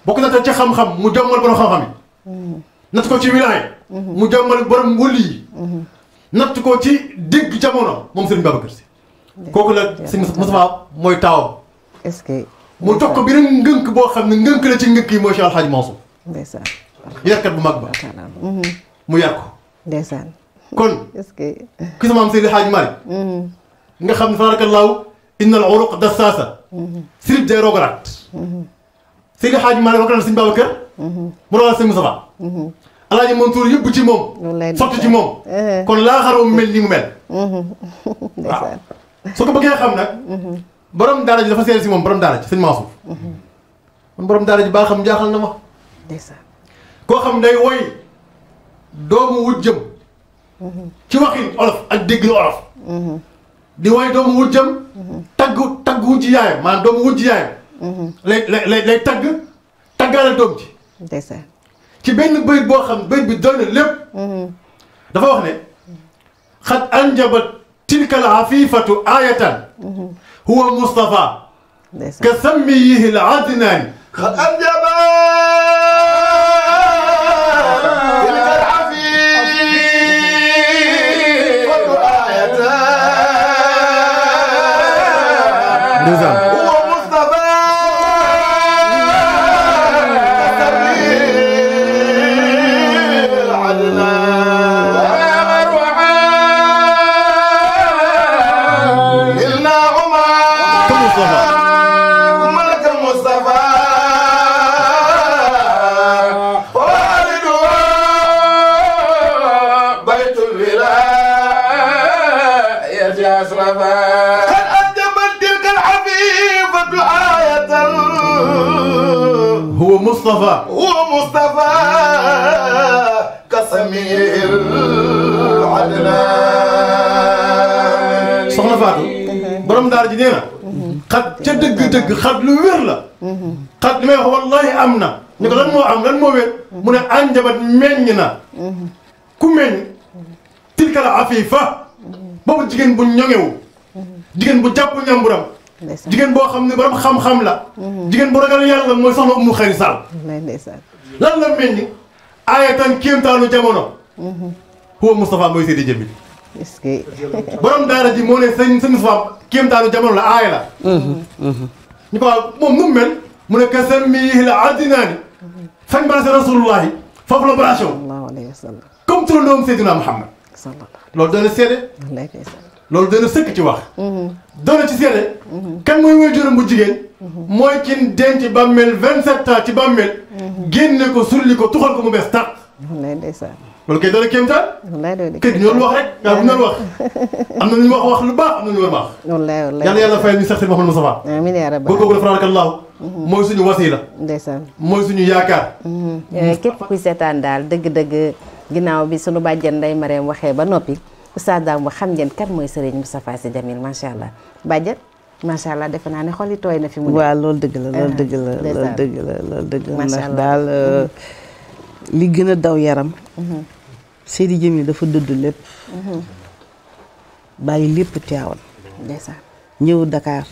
bokk na ca xam-xam mu borom xam-xam yi nat ko ci wilaay mu jommal borom wëli yi natt ko ci dégg jamono moom Serigne Babacar Sy kooku la Serigne Moustapha mooy taawam. est-ce que. mu jox ko bi nag ngënk boo xam ne ngënk la ci ngënk yi mooy Cheikh Al Hadj Mansour. bu mag ba. Mhm. mu yar ko. ndeysaan. kon. [LAUGHS] est-ce que. ki sama am Serigne Hadj Malick. Mhm. nga xam ne tabaarakallaahu innal uruq dassaasa. Mhm. sirib day rogalaat. Serigne Hadj Malick wax na Serigne Babacar. mu rogal Serigne Moustapha. alaaji Mansour yëpp ci moom. wallaay ci moom. Eh. kon laaxaroo mu mel ni mu mel. Mhm. su [LAUGHS] ko bëggee xam nag. Mhm. borom daara ji dafa seer si moom borom daara ji sëñ Mansour. Mhm. man borom daara ji baa xam jaaxal na ma. koo xam day woy doomu wut jëm. ci waxin olof ak dégg olof. di woy doomu wut jëm. tagg tagg wuñ ci yaayam maanaam doomu wuñ ci yaayam. lay lay tagg taggaale doom ji. ci benn bëyit boo xam bëyit bi doy na lépp dafa wax ne xat anjabat tilkal afifatu ayatan huwa mustafa ka sammiyihi l adnani xat anjabat deux ans مصطفى ومصطفى كسمير عدنان soxna Fatou mhm. borom daara ji nee na mhm. xat ca dëgg-dëgg xat lu wér la mhm. xat li may wax wallahi am na ñu ko lan moo am lan moo wér mu ne anjabat meññ ku meññ tilkala afifa boobu jigéen bu ñoŋewu jigéen bu jàpp ñamburam jigéen boo xam ne borom xam-xam la. jigéen bu ragal yàlla mooy soxna Umu Xayri Sall. lan la mel ni aayatan kéemtaanu jamono. huwa Moustapha mooy Seydi Jamil. est-ce que. borom daara ji moo ne sëñ sëñ Moustapha kéemtaanu jamono la aaya la. ñu ko moom nu mu mel mu ne que seen mii la addinaani. fañ ba se rasulullahi foofu la opération. comme turandoom Seydina Mouhamed. loolu doon na seede. loolu dana sëkk ci wax. dana ci seede. kan mooy woy bu jigéen. mooy kin denc bàmmeel 27 ans ci bàmmeel. génne ko sulli ko tuxal ko mu bees tàq. wallaay ndeysaan. loolu kay dana kéemtaan. wallaay loolu kay ñoom wax rek. waaw bu ñu wax [LAUGHS] am na ñu wax wax lu baax am na ñu war baax. wallaay wallaay yàlla yàlla fayal ñu sax si Mouhamadou Moustapha. amiin yaa rabbi góor mm-hmm. mooy suñu wasiila. ndeysaan mooy suñu yaakaar. Mm-hmm. Eh, képp kuy seetaan daal dëgg-dëgg ginnaaw bi suñu bàjjen Ndeye Marème waxee ba noppi Oustaz Dame Ba xam ngeen kan moy Serigne Moustapha Sy Jamil macha allah Badiane macha allah defe naa ne xoli toy na fi mu. wa lol deug la lol eh, deug la lol deug la loolu dëgg la ndax daal li gëna daw yaram. hmm Seydi jëmi dafa dudd lepp hmm bàyyi lepp Tiwaawan. ndessa ñew Dakar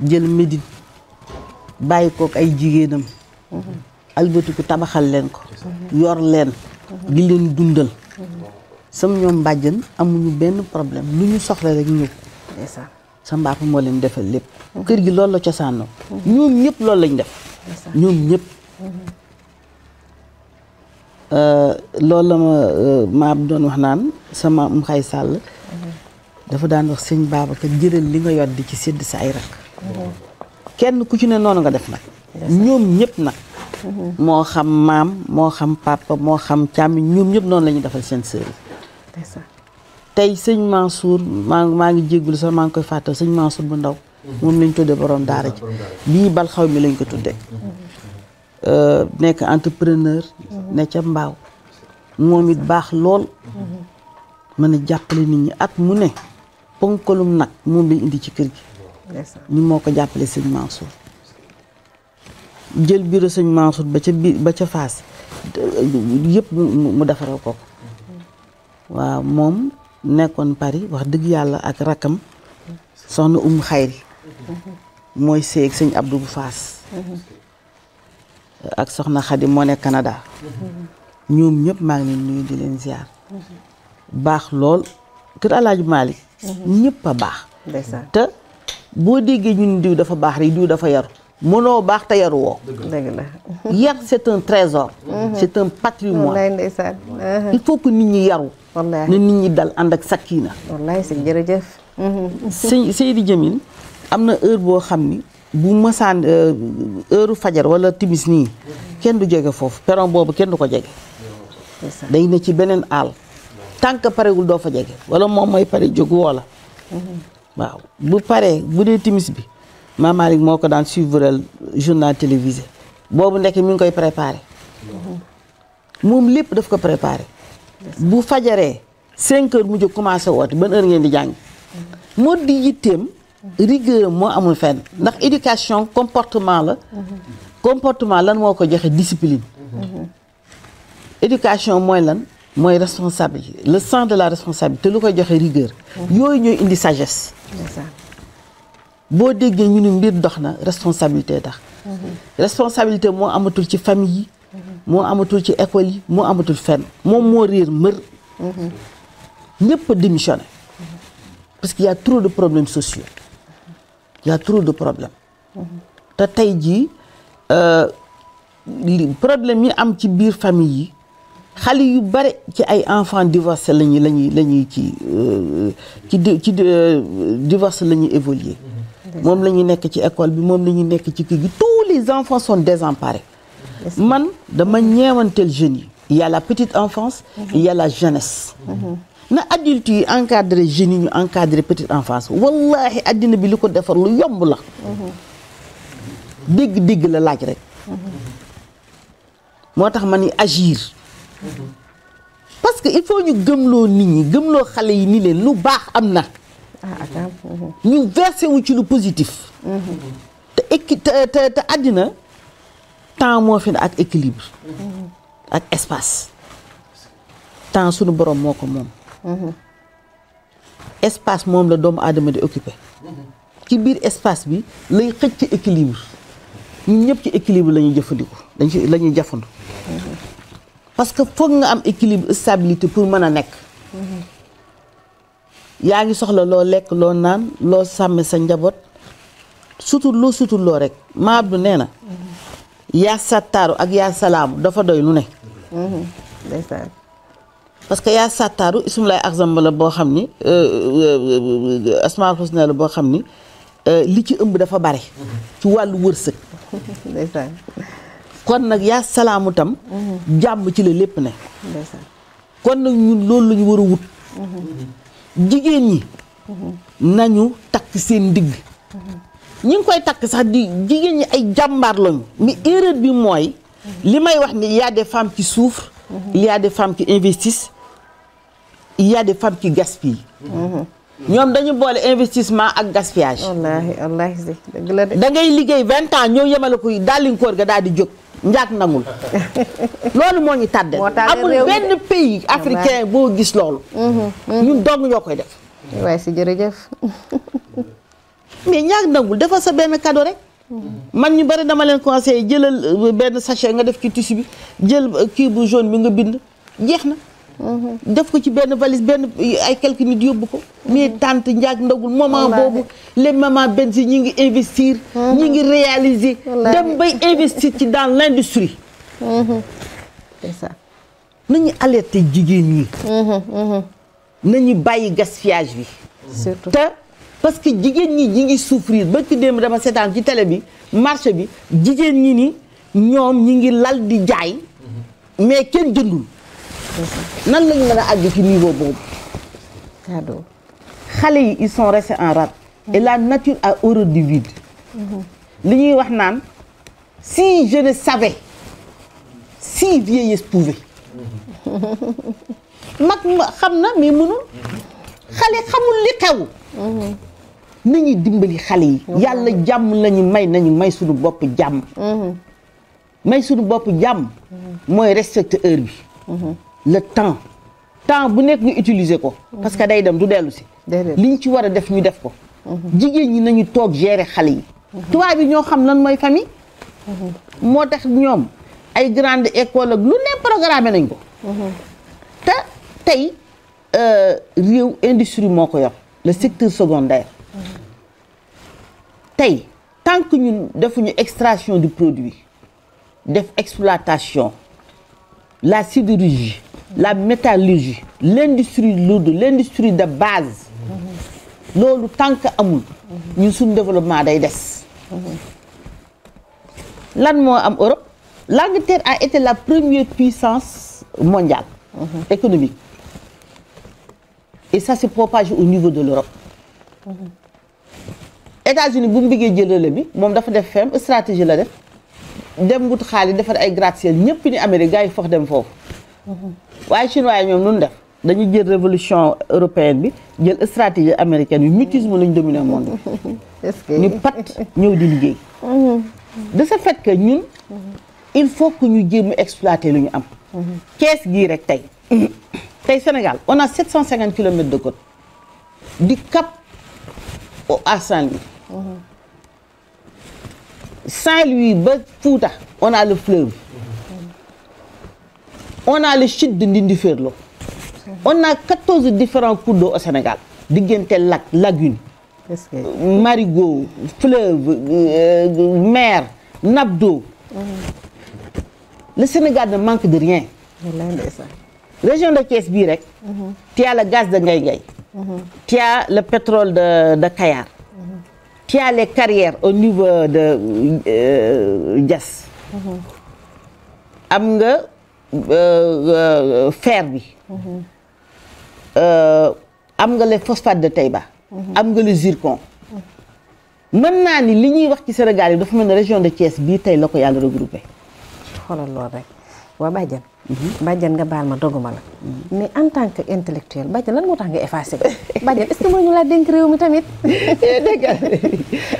jël Médine bàyyi mhm. ko ay jigeenam hmm albatu ko tabaxal len ko. yor len mhm. di len dundal. Mhm. sama ñoom mbàjjan amuñu benn problème lu ñu soxla rek ñëw sa mbaapa moo leen defal lépp mm-hmm. kër gi loolu la cosaanoo mm-hmm. ñoom ñëpp loolu lañu def ñoom ñëpp mm-hmm. euh, loolu la ma euh, doon wax naan sama um dafa daan wax sëñ Babacar jëlal li nga yor di ci sédd sa ay kenn ku ci ne noonu nga def nag ñoom ñëpp nag moo xam maam moo xam papa moo xam càmmi ñoom ñëpp noonu la ñuy defal seen sëriñ tey sëñ Mansour maa maa ngi jéggul sax maa ngi koy fàttal sëñ Mansour bu ndaw mhm. moom lañ tudde borom daara ji bii bal xaw mi lañ ko tudde mhm. euh, nekk entrepreneur mhm. ne ca mbaaw moom it baax lool mën a jàppale nit ñi at mu ne ponkalum nag moom lañ indi ci kër gi ni moo ko jàppale sëñ Mansour jël bureau sëñ Mansour ba ca bi ba ca Fass yëpp mu defaral ko ko waaw moom nekkoon Paris wax dëgg yàlla ak rakkam soxna um xayri mooy séeg sëñ ab bu Faas ak soxna Xadi moo nekk Canada ñoom ñëpp maa ngi leen di leen ziar baax lool kër Alaaji Maalik ñëpp a baax te boo déggee ñun diw dafa baax rek diw dafa yaru mënoo baax te yaru woo. dëgg la [LAUGHS] yar c'est un trésor. Mhm. c'est un patrimoine. Mhm. il faut que nit ñi yaru. na nit ñi dal ànd ak sakkiina. wallaay sëñ jërëjëf. Mhm. sëñ Seydi Djamil am na heure boo xam ni bu mësaan euh, heure fajar wala timis nii kenn du jege foofu peron boobu kenn du ko jege. day na ci beneen àll. tant que parewul doo fa jege wala moom mooy pare jóg woo la. waaw bu paree bu dee timis bi. Mame Malick moo ko daan suivre journal télévisé boobu ndekk mi ngi koy préparé moom lépp daf ko préparé bu fajaree cinq heures mu jóg commencé woote ban heure ngeen di jàng moo di yitteem rigueur moo amul fenn ndax éducation comportement la comportement lan moo ko joxe discipline éducation mooy lan mooy responsabilité le sens de la responsabilité lu koy joxe rigueur yooyu ñooy indi sagesse boo déggee ñu ni mbir dox responsabilité tax mhm. responsabilité moo amatul ci famille yi mhm. moo amatul ci école yi moo amatul fenn moom moo réer mër mhm. ñëpp parce qu'il y a trop de problèmes sociaux il y a trop de problèmes te tey euh, les problèmes yi am ci biir famille yi xale yu bare ci ay enfants divorcés lañuy lañuy la ñuy ci euh, ci ci euh, divorce la ñuy évoluer mom lañuy nek ci école bi mom lañuy nek ci kigi tous les enfants sont désemparés man dama ñeewanteel jeune yi il y a la petite enfance il y a la jeunesse na adulte yi encadré jeunes ñu encadré petite enfance wallahi adina bi liko défar lu yomb la dégg-dégg la laaj rek motax man ni agir parce que il faut ñu gëmlo nit ñi gëmlo xalé yi ni leen lu baax amna Ah, mhm. ñu versé wu ci lu positif. Mhm. te équi te te àddina temps moo fi ne ak équilibre. Mhm. ak espace. temps sunu borom moo ko moom. espace moom la doomu aadama di occupé. ci biir espace bi lay xëcc ci équilibre ñun ñëpp ci équilibre la ñuy jëfandiku dañ ci la parce que foog nga am équilibre stabilité pour mën a nekk. yaa ngi soxla loo lekk loo naan loo sàmme sa njaboot sutur loo sutur rek ma Abdou nee na yaa sàttaaru ak yaa salaamu dafa doy lu ne parce que yaa sàttaaru ismulaay axsam la boo xam ni euh, euh, euh, asmaal husna la boo xam ni li ci ëmb dafa bare ci wàllu wërsëg kon nag yaa salaamu tam mhm. jàmm ci la lépp ne kon nag ñun loolu la war a wut mhm. jigéen ñi nañu takk seen digg ñi ngi koy takk sax di jigéen ñi ay jàmbaar lañu mais bi mooy li may wax ni il y a des femmes qui souffrent il y a des femmes qui investissent ñoom dañu boole investissement ak gaspillage wallaahi wallaahi dëgg la da ngay liggéey vingt ans ñoo yemale ko daallinkoor ga daal di jóg njaag nangul [LAUGHS] loolu moo ñu tàddeel amul benn pays africain boo gis loolu mhm, mhm. ñun dong ñoo koy def waaye si jërëjëf [LAUGHS] mais ñaag nangul dafa sa benn cadeau rek mhm. man ñu bari dama leen conseillé jëlal euh, benn sachet nga def ci tissu bi jël euh, kii bu jaune bi nga bind jeex na def ko ci benn valise benn ay quelques nit yóbbu ko. mais tante njaag ndagul moment boobu. les mamans benn si ñi ngi investir. ñi ngi réaliser. dem bay investir ci dans l' industrie. c'est ça. nañu alerter jigéen ñi. Mhm, mhm. nañu bàyyi gaspillage bi. surtout te parce que jigéen ñi ñi ngi souffrir ba ci démb dama seetaan ci tele bi marché bi jigéen ñi ni ñoom ñu ngi lal di jaay. mais kenn jëndul. nan lañ mëna a ci niveau boobu cadeau xale yi ils sont restés en rade et la nature a horreur du vide mm-hmm. li ñuy wax naan si je ne savais si vieillesse pouvait mm-hmm. mag xamna mais mënul mm-hmm. Xalé xamul li xew nañuy dimbali xalé yi yàlla jàmm lañu may nañu may suñu bop jamm. may suñu bop jamm. Moy respecter heure bi le temps. le temps, vous n'êtes pas utilisé. Parce que vous avez des gens qui ont des gens. Vous avez des gens qui gérer des Toi, vous avez des gens qui ont des gens. Vous avez des grandes écoles. Vous avez des programmes. Vous euh, avez des industries. Le secteur secondaire. Vous Tant que nous faisons l'extraction du produit, l'exploitation, la sidérurgie, la métallurgie l'industrie lourde l'industrie de base Nous tant que nous, ñun suñu développement day des l'Angleterre a été la première puissance mondiale économique et ça s'est propagé au niveau de l'Europe États-Unis vous avez fait jël relais bi moom dafa def stratégie la def dem wut xaalis Vous ay fait ciel ni les mhm. chinois ont fait nu def révolution européenne bi jël stratégie américaine le mutisme domine le monde Ne [LAUGHS] ñu pat ñëw di mhm. de ce fait que mhm. il faut que nous puissions exploiter lu ñu am kees gii rek a [COUGHS] Sénégal on a 750 km de côte du Cap à Saint-Louis Saint-Louis Fouta on a le fleuve on a le chute de Ndindi On a 14 différents cours d'eau au Sénégal. des lac, lagune, marigot, fleuve, euh, mer, nappe d'eau. Le Sénégal ne manque de rien. La Région de Kiesbirek, mhm. tu as le gaz de Ngaïgaï, mhm. tu as le pétrole de, Kayar, mhm. tu as les carrières au niveau de Dias. Euh, Euh, euh, fer bi euh, am nga le phosphate de Taïba am nga le zircon mën naa ni li ñuy wax ci Sénégal yi dafa mel ne région de Thiès bii tey la ko yàlla regroupé xoolal loolu rek waa bàjjan bàjjan nga baal ma doguma la mais en tant que intellectuel bàjjan lan moo tax nga effacé bàjjan est-ce que mënuñu laa dénk réew mi tamit dégg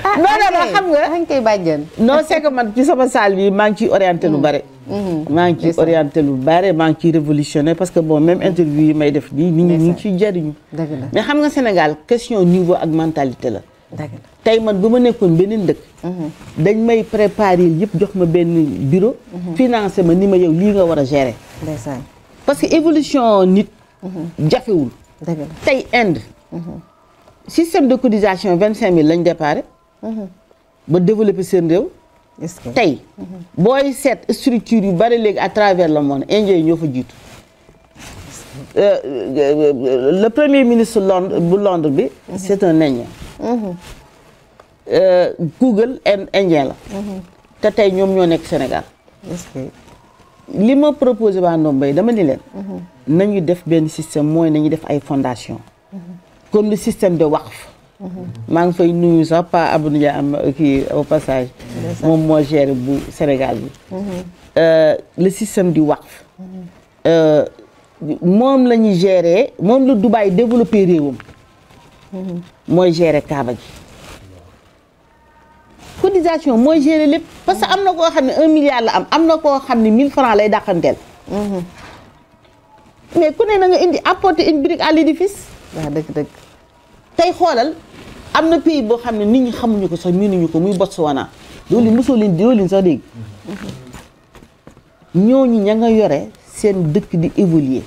ah, non non xam nga dañ koy bàjjan non c'est man ci sama salle bi maa ngi ciy orienté lu mm. bari Mm-hmm. maa ngi ciy orienté lu bare maa ngi révolutionné parce que bon même interview may def ni ni ñi ñu jariñu mais xam nga Sénégal question niveau ak mentalité la tay man buma ma nekkoon beneen dëkk mm-hmm. dañ may préparer yépp jox ma benn bureau mm-hmm. financé ma ni ma yow li nga wara a gérer parce que évolution nit jafewul tay Inde système de cotisation 25000 lañ déparé ba développer sen rew tay boy cette structure yu bari léegi à travers le monde indien yi ñoo fa euh, le premier ministre Londres bu Londres bi c'est un indien euh, Google indien la te tey ñoom ñoo nekk Sénégal li ma proposé ba Ndombay dama ni len nañu def ben système moy nañu def ay fondation comme le système de waqf maa ngi fay nuyu sax Pa Abou Ndiaye am kii au passage. moom moo géré bu Sénégal bi. Mhm. Euh, le système du waqf. Euh, moom la ñuy géré moom la Dubaï développé réewam. Mhm. mooy géré Kaaba ji cotisation mooy géré lépp parce que am na koo xam ne un milliard la am am na koo xam ne mille francs lay dàqanteel. Mhm. mais ku ne na nga indi apporter une brique à l'édifice. tey xoolal am na pays boo xam ne nit ñi xamuñu ko sax miinuñu ko muy Botswana loolu mosoo leen loolu leen sax dégg ñooñu ña nga yore seen dëkk di évoluer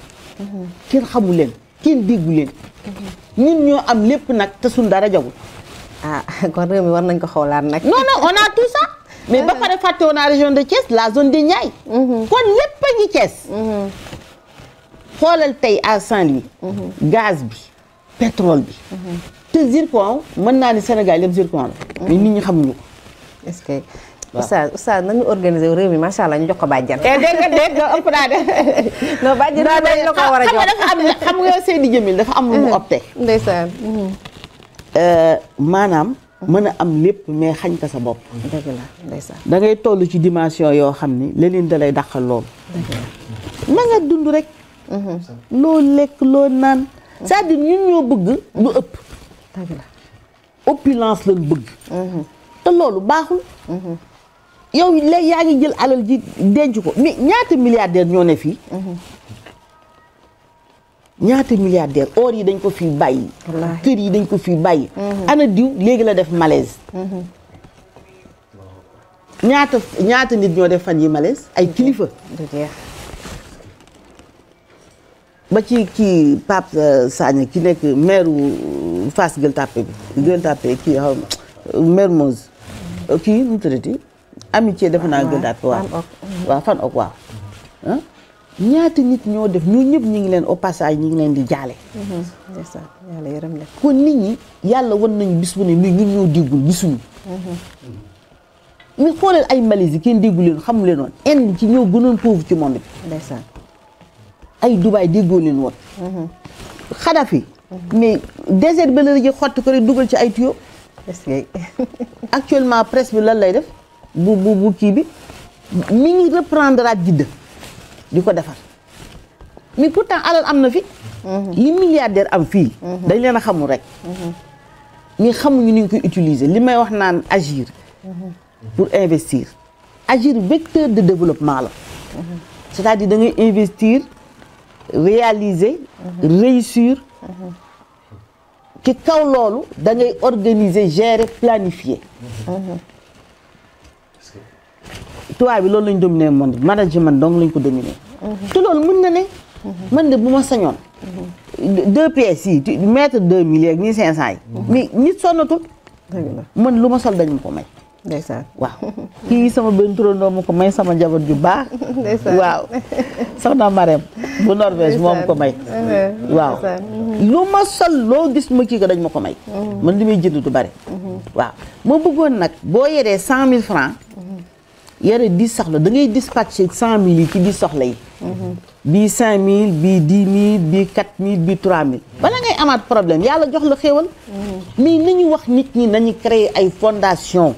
kenn xamu leen kenn déggu leen ñoo am lépp nag te suñ dara jagul ah [LAUGHS] kon réew mi war nañ ko xoolaat nag non non on a tout ça mais ba pare fàtte woon région de Thiès la zone de Niayes kon lépp a ngi Thiès mm-hmm. xoolal tey à Saint-Louis mm-hmm. gaz bi pétrole bi. te zircon mën naa ni Sénégal yëpp zircon la. mais nit ñi xamuñu ko. est-ce que oustaz nañu organisé wu réew mi macha allah ñu jox ko bàjjan. Eh, dégg nga dégg nga ëpp naa de. [LAUGHS] non bàjjan dañ la a jox xam nga xam nga Seydi Djamil dafa am lu mu mm-hmm. euh, maanaam. mën a am lépp mais xañ ko sa bopp. Mm-hmm. dëgg la ndeysaan. da ngay toll ci dimension yoo xam ni leneen da lay dàqal loolu. na nga dund rek. Mm-hmm. loo lekk loo naan. c'est-à-dire ñun ñoo bëgg lu ëpp. opulence lañ bëgg. Mhm. te loolu baaxul. Mhm. yow yaa ngi jël alal ji denc ko mais ñaata milliardaire ñoo ne fii. Mhm. ñaata milliardaire or yi dañ ko fii bàyyi. kër yi dañ ko fii bàyyi. ana diw léegi la def malaise. ñaata ñaata nit ñoo def fan yi malaise ay kilifa. ba ci kii Pape euh, Sagna ki nekk maire euh, Fass Gueule Tapée bi Gueule Tapée kii xaw euh, Mermoz kii nu mu tuddati amitié defe naa Gueule Tapée waaw waaw fan ok waaw ñaata nit ñoo def ñoo ñëpp ñu ngi leen au passage ñu ngi leen di jaale. ndeysaan mhm, nit ñi yàlla wan nañu bis bu ne nii ñun ñoo déggul gisuñu. ñu mhm. xoolal ay Malaisie kenn déggu leen xamu leen woon Inde ci ñëw gënoon pauvre ci monde bi. ay Dubaay déggoo leen woon. Mhm. Xadafi. mais des ba de ji xott ko rek dugal ci ay tuyaux. est-ce que [LAUGHS] actuellement presse bi lan lay def Bou bou bu kii bi mi Du quoi d'affaire? mais pourtant alal am na fi. Mhm. li milliardaire am fii. Mhm. dañ leen a xamul mais xamuñu ni ñu koy utiliser li wax agir. pour investir. agir vecteur de développement la. c'est-à-dire da investir. réaliser mhm. réussir ki mhm. kaw loolu da ngay organiser gérer planifier mhm. tubaab bi loolu lañ dominer monde bi management donc lañ ko dominer te loolu mën na ne man de bu ma sañoon deux pièces yi mètre deux mille ak mille cinq cent yi mais nit sonnatul man lu ma sol dañ ma ko may ndeysaan waaw kii sama benn turandoo ma ko may sama njaboot ju baax waaw sax soxna Marème bu Norvège moom ko may waaw lu ma sol loo gis ma kii ko dañ ma ko may mm-hmm. man li may jënd du bari mm-hmm. waaw moo bëggoon nag boo yoree cent mille francs mm-hmm. yore di soxla da ngay dispatché cent mille yi ci di soxla yi bi cinq mille bii di mille bii quatre mille bii trois mille bala ngay amaat problème yàlla jox la xéewal mais nañu wax nit ñi nañu créer ay fondation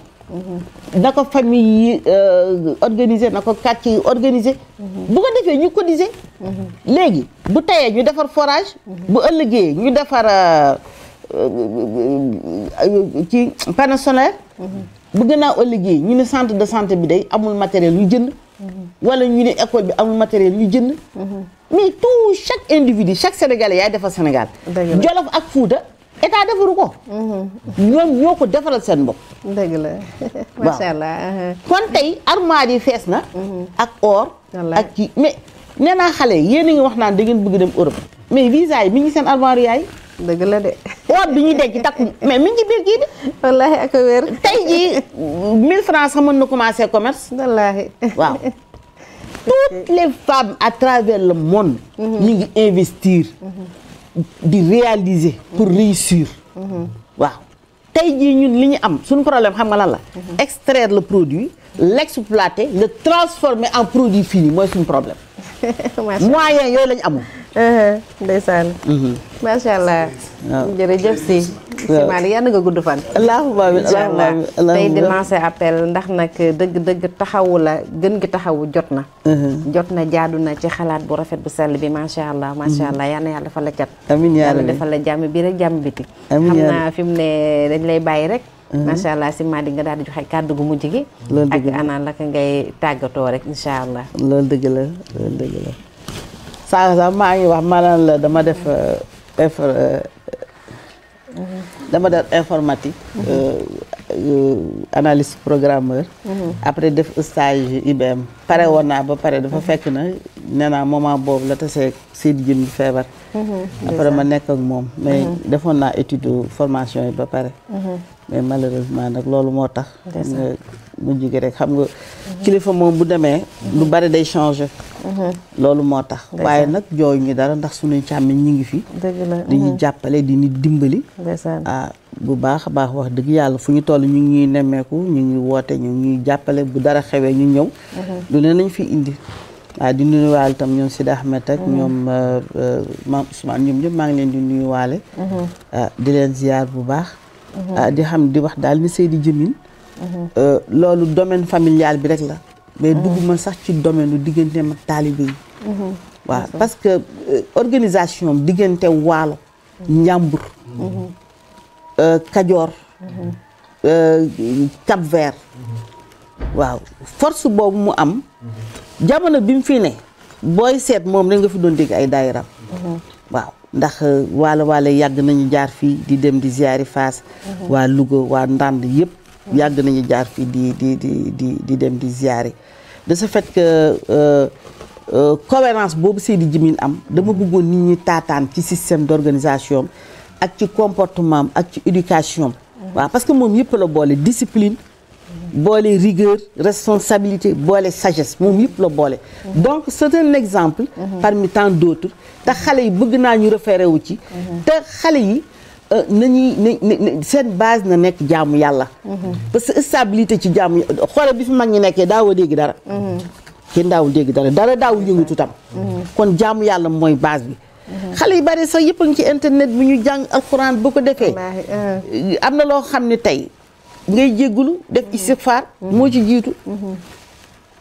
na ko famille yi euh, organisé na ko quartier yi organisé. Mhm. bu ko defee ñu cotiser. Mhm. léegi bu tayee ñu defar forage. Mhm. bu ëllëgee ñu defar euh, euh, ci panneau solaire. bu gën a ëllëgee ñu ne centre de santé bi day amul matériel ñu jënd. wala ñu ne école bi amul matériel ñu jënd. mais tout chaque individu chaque sénégalais yaay defar Sénégal. Jolof ak Fuuta. état defaru ko. Mhm. ñoom ñoo ko defaral seen bopp. dëgg la [LAUGHS] macha allah. Uh-huh. kon tey armoire yi fees na. Mhm. ak or. ak ci mais nee naa xale yéen ngi wax naan da ngeen bëgg dem Europe. mais visa yi mi ngi seen armoire yaay. dëgg la de. or bi ñuy denc takku mais mi ngi biir kii bi. wallaahi ak wér. tey jii 1000 francs mën na commencer commerce. wallaahi waaw. [LAUGHS] toutes les femmes à travers le monde. Mhm. ñu ngi investir. de réaliser pour réussir waaw c'est un problème extraire le produit l'exploiter le transformer en produit fini c'est un problème [LAUGHS] moyen yooyu la un problème. ndeysaan macha mhm. allah ya. jërëjëf si si Mali yàlla nga gudd fan allahumma amiin tey di lancé appel ndax nag dëgg dëgg taxawu la gën gi taxawu jot na jot na jaadu na ci xalaat bu rafet bu sell bi macha allah macha allah mhm. yal na yàlla defal la cat amiin yàlla defal la jàmm bi rek jàmm biti xam naa fi mu ne dañ lay bàyyi rek mhm. macha allah si Madi nga daal di joxe kàddu gu mujj gi ak ana la ka ngay tàggatoo rek incha allah loolu dëgg la loolu dëgg la sànq sax maa ngi wax ma la dama def euh, euh, euh, dama def informatique. Mhm. analyste programmeur. Mhm. après def stage IBM. pare woon naa ba pare dafa mhm. fekk na nee naa moment boobu la tasee Sidi Djim feebar. après ma nekk ak moom. mais defoon naa étude formation yi ba pare. mais malheureusement nag loolu moo tax. mujj gi rek xam nga. kilifa moom bu demee. lu bari day changer. loolu moo tax. waaye nag jooy ñu dara ndax suñuy càmmiñ ñi ngi fi. di ñu mhm. jàppale di nit dimbali. ah bu baax a baax wax dëgg yàlla fu ñu toll ñu ngi ñuy nemmeeku ñu ngi woote ñu ngi ñuy jàppale bu dara xewee ñu ñëw. Mhm. du ne nañ fi indi. waaw di nuyuwaale itam ñoom Sidi Ahmed ak mhm. ñoom euh, euh, maam Ousmane ñoom ñëpp maa ngi leen di nuyuwaale. Ah, di leen ziar bu baax. Ah, di xam di wax daal ni Seydi Djamil. Euh, loolu domaine familial bi rek la. mais mhm. dugguma sax ci domaine lu digganteem ak taalibe yi. Mhm. waaw parce que euh, organisation diggante waalo. Mhm. njàmbur. Euh, kajoor. Cap Vert. waaw force boobu mu am. jamono bi mu fi ne. booy seet moom rek nga fi doon dégg ay daayiram. waaw ndax waalo waalo yàgg nañu jaar fii di dem di ziyaari fas waa Louga waa Ndande yëpp. yàgg jaar de ce fait que euh, euh, cohérence boobu système d'organisation ak comportement ak éducation parce que moom yëpp la discipline boole rigueur responsabilité boole sagesse donc c'est un exemple mhm. parmi tant d'autres te yi Euh, nañuy na seen base na nekk jaamu yàlla. Mm-hmm. parce que stabilité ci jaamu xoola bi fi mag ñi nekkee daawoo dégg dara. Mm-hmm. kenn daawul dégg dara dara daawul yëngatu tam. Mm-hmm. kon jaamu yàlla mooy baas bi. xale yi bari sax yëpp a ngi ci internet bi ñu jàng alxuraan boo ko defee. Uh. am na loo xam ne tey ngay jéggulu def istighfar moo ci jiitu.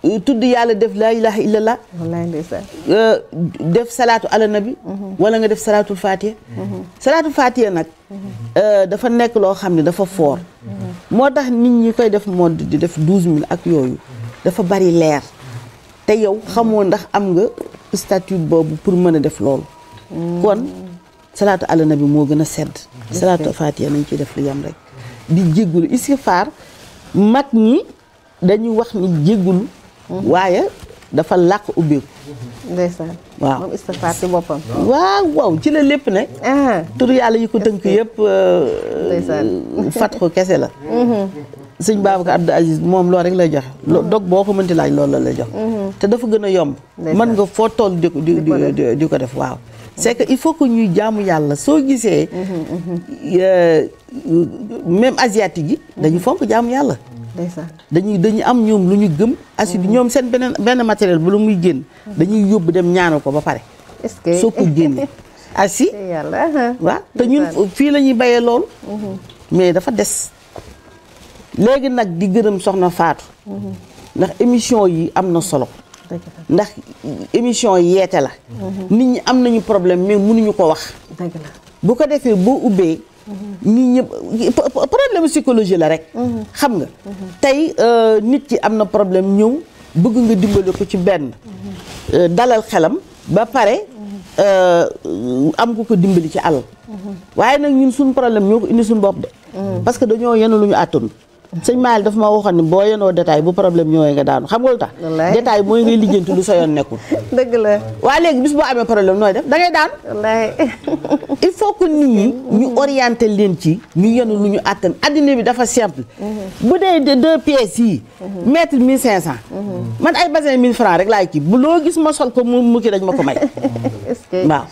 Euh, tudd yàlla def laa ilaha illallah. wallaay ndeysaan. def salaatu na bi wala nga def salaatul faatiha. salaatul faatiha nag. Euh, dafa nekk loo xam ne dafa foor. moo tax nit ñi koy def mode di def douze mille ak yooyu. dafa bari leer. te yow xamoo ndax am nga statut boobu pour mën a def loolu. kon salaatu na bi moo gën a sedd. salaatu faatiha nañ ciy def lu yem rek. di jéggulu istighfar mag ñi dañu wax ni jéggulu waaye dafa làq ubbi. ndeysaan waaw moom boppam. waaw waaw ci la lépp ne. Ah. tur yàlla yi ko tënk yëpp. Euh, fat ko kese la. Mm-hmm. sëñ Babacar Abdou Aziz moom lool rek lay joxe. Mm-hmm. dog boo ko mënti laaj lool la lay jox. Mm-hmm. te dafa gën a yomb. mën nga foo toll di ko di di ko def waaw. c'est il faut que ñuy jaamu yàlla soo gisee. Euh, même asiatique yi. dañu fonk jaamu yàlla. dañuy dañuy am ñoom lu ñu gëm. acide mhm. ñoom seen beneen benn matériel bu lu muy génn. Mhm. dañuy yóbbu dem ñaanal ko ba pare. est-ce que soo ko génne. [LAUGHS] assi yàlla [LAUGHS] waaw te ñun fii la ñuy bayee loolu. Mhm. mais dafa des. léegi nag di gërëm soxna Faatu ndax émission yi am na solo. ndax émission yeete la. nit ñi am nañu problème mais munuñu ko wax. bu ko defee boo ubbee. problème psychologie la rek xam nga tay euh, nit ki amna problème ñëw bëgg nga dimbali ko ci ben euh, dalal xelam ba euh am ko ko dimbali ci alal waye nak ñun suñu problème ñoko indi suñu bop de parce que dañoo luñu atone sëñ Maal daf ma waxoon ni boo yenoo détail bu problème ñëwee nga daanu xam nga lu tax détail mooy ngay lijjanti lu sa yoon nekkul [LAUGHS] dëgg la waa léegi bis boo amee problème nooy def da daan [LAUGHS] il faut que nit ñu oriente leen ci ñu yenu lu ñu àttan addina bi dafa simple mhm. bu dee deux pièces yi mhm. mètre mille cinq cent mhm. man ay basin mille francs rek laay kii bu loo gis ma sol ko mu mu dañ ma ko may [LAUGHS] waaw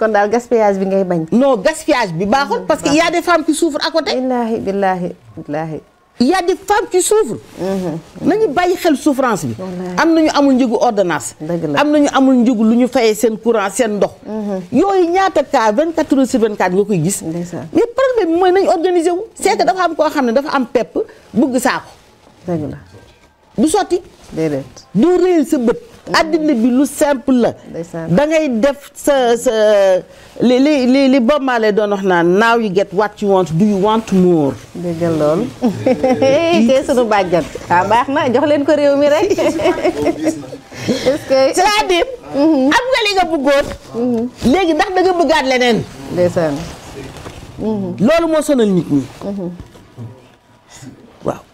kon daal gaspillage bi ngay bañ non gaspillage bi baaxul parce que y a des femmes qui souffrent à côté billahi il y a des femmes qui souffrent. Mm-hmm. nañu bàyyi xel souffrance bi. am na ñu amul njëgu ordonnance. am na ñu amul njëgu lu ñu fayee seen courant seen ndox. Mm-hmm. yooyu ñaata cas 24 heures sur 24 nga koy gis. mais problème bi mooy nañu organiser wu. c'est que mm-hmm. dafa am koo xam ne dafa am pepp bëgg saako. dëgg la sotti. déedéet mm. bi lu simple da ngay def sa sa li li li li wax now you get what you want do you want more. dégg [LAUGHS] sunu ah, jox ko mi rek. [LAUGHS] est-ce que. Mm-hmm. am nga li nga bëggoon. Mm-hmm. ndax da nga bëggaat mm-hmm. sonal nit ñi.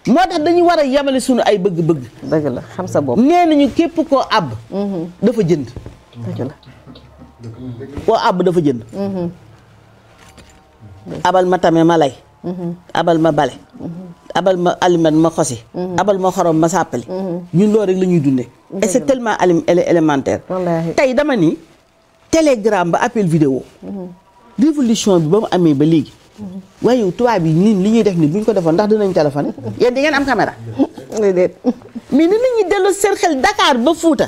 moo tax dañu war a yemale suñu ay bëgg-bëgg. dëgg la xam sa bopp. nee nañu képp koo àbb. Mm-hmm. dafa jënd. dëgg àbb dafa jënd. Mm-hmm. abal ma tame ma lay. Mm-hmm. abal ma bale. abal ma aliment ma xosi. abal ma xorom ma sàppali. ñun loolu rek la ñuy dundee. et c'est tellement alim élémentaire. tey dama ni. télégramme ba appel vidéo. révolution bi ba mu amee ba léegi. waaye yow tubaab yi ñun li ñuy def ni bu ñu ko defoon ndax dinañ téléphoné. yéen di ngeen am caméra. déedéet mais ni nit ñi dellu seen xel ba Fuuta.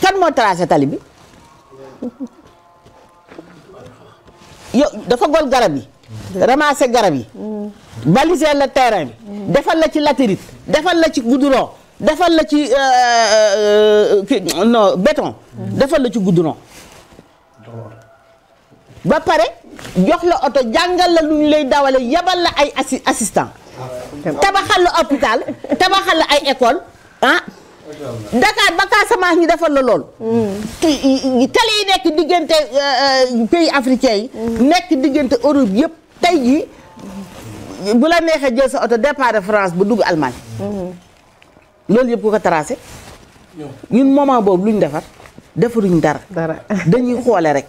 kan moo tracé tali bi. yow dafa gol garab yi. ramasser garab yi. baliser la terrain bi. defal la ci latérite. defal la ci goudron. defal la ci euh, euh, euh, non béton. defal la ci goudron. ba pare jox la oto jàngal la lu ñu lay dawale yebal la ay assi assistant tabaxal la hôpital tabaxal la ay école ah Dakar ba Casamance ñu defal la lool. Mm. tali yi nekk diggante euh, euh, pays africain yi. Mm. nekk diggante Europe yëpp tey jii bu la neexee jël sa oto départ de France ba dugg Allemagne. Mm. loolu yëpp ku ko tracé. ñun moment boobu lu ñu defar defaruñ dara. dara dañuy xoole rek.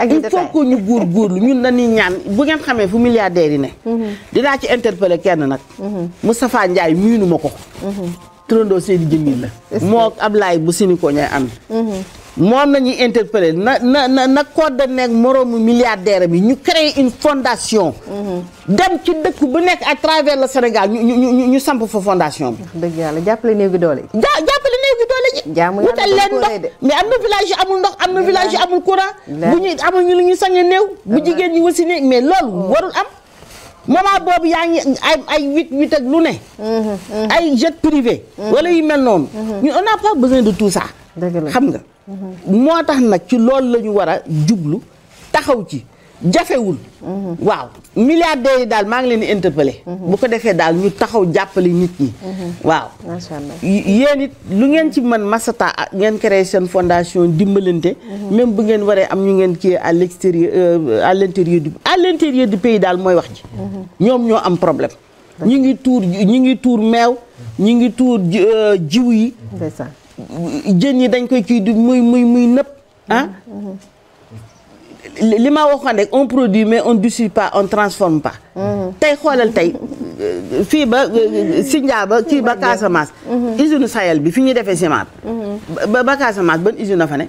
il faut que ñu góor góorlu ñun na dañuy ñaan bu ngeen xamee fu milliardaires yi ne mhm. dinaa ci interpeller kenn nag mhm. Moustapha Ndiaye miinu ma ko mhm. turandoo Seydi Djamil la moo Ablaye bu sinikoo ñooy am moom nañuy interpellé na na na na code nekk moroomu milliardaire bi ñu créer une fondation dem Sénégal ñu ñu ñu samp fa fondation bi dëgg yàlla jàppale néew gi doole jàppale néew gi doole ji wutal leen ndox mais am na village yu amul ndox am na village yu amul courant bu ñu amul ñu lu ñu sañ néew bu jigéen ñi wasi ne mais loolu oh. warul am moment boobu yaa ngi ay ay huit huit ak lu ne mm-hmm, mm-hmm. ay jet privé mm-hmm. wala yu mel noonu ñun on n'a pas besoin de tout ça xam nga moo tax nag ci lool lañu ñu war a jublu taxaw ci jafewul. waaw milliardaires yi daal maa ngi leen di interpeller bu ko defee daal ñu taxaw jàppale nit ñi. waaw macha allah yéen it lu ngeen ci mën masata ah, ngeen créé seen fondation dimbalante. même bu ngeen waree am ñu ngeen kii à l'extérieur euh, à l'intérieur du à l'intérieur du pays daal mooy wax ji. ñoom ñoo am problème. ñu ngi tuur ñu ngi tuur meew. ñu ngi tuur euh, jiw yi. jën yi dañ koy kii di muy muy muy nëpp ah. Les ma ont on produit mais on dessine pas on transforme pas. tay xolal tay fi ba Sindia mhm. mhm. ba ba Casamance. usine Sahel bi fiñu défé ciment ba ba Casamance usine fa ne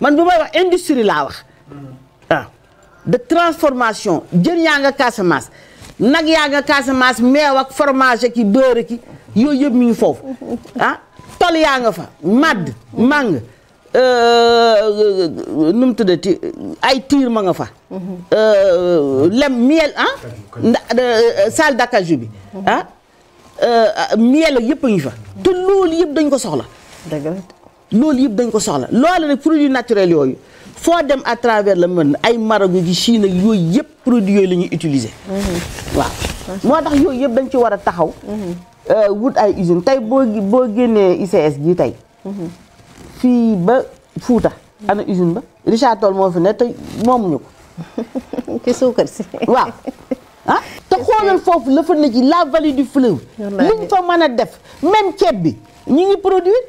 man bu wax industrie La wax. Mhm. Ah. de transformation jën ya nga Casamance nak ya nga Casamance mew ak fromage ki beurre ki mi ngi [LAUGHS] ah tol nga fa Euh, euh, nu mu ti ay tiir ma nga fa. Euh, lem miel ah. salle d'acajou bi mhm. ah. miel ak yëpp a ngi fa. te loolu yëpp dañ ko soxla. dëgg loolu yëpp dañ ko soxla loolu nag produit naturel yooyu. foo dem à travers le monde ay maragu gi Chine ak yooyu yëpp produits yooyu la ñuy utiliser. Mhm. moo tax yooyu yëpp dañ ci war a taxaw. Mhm. wut ay usine tey boo boo génnee ICS gi tey. fii ba Fuuta ana usine ba Richard Toll moo fi ne te moomuñu ko. ci [LAUGHS] suukar si. waaw ah te xoolal foofu la fa ne la vallée du fleuve. luñ fa mën a def même ceeb bi ñu ngi produire.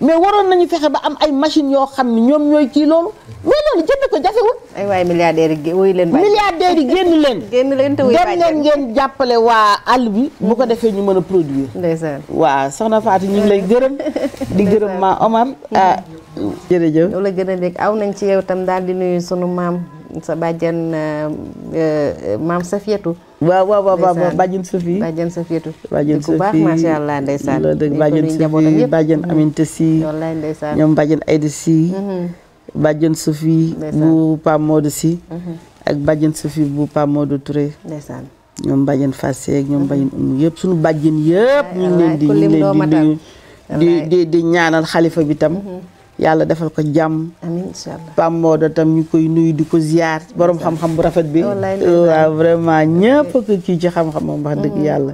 mais waroon nañu fexe ba am ay machine yoo xam ne ñoom ñooy kii loolu mais loolu jënd ko jafewul. ay waay milliardaires yi wuy leen bàyyi milliardaires yi génn leen. [LAUGHS] génn leen te wuy bàyyi ngeen jàppale waa àll bi. bu ko mm-hmm. defee ñu mën a produire. ndeysaan waaw soxna Fatou ñu ngi lay gërëm. [LAUGHS] di gërëm ma Omar. Mm-hmm. Ah, jërëjëf. loolu la gën a dégg aw nañ ci yow tam daal di nuyu sunu maam. sa bàjjan euh, euh, maam Safiatou. waaw waaw waaw waaw bàjjan Safi. bàjjan Safiatou. bàjjan Safi ku baax macha allah ndeysaan. loolu dëgg bàjjan Safi bàjjan mm. Aminta si. wallaay ndeysaan ñoom bàjjan Aïda si. Mm-hmm. bu Pam Modou si. Mm-hmm. ñoom bàjjan Fassé ñoom mm-hmm. bàjjan Umu yëpp sunu bàjjan yëpp. ñu ngi di ñaanal xalifa bi tam. yàlla defal ko jàmm. amiin Pam Maodo tam ñu koy nuyu di ko ziar. borom xam-xam bu rafet bi. Euh, waaw vraiment ñëpp ko kii ci xam-xamam wax dëgg mm-hmm, yàlla.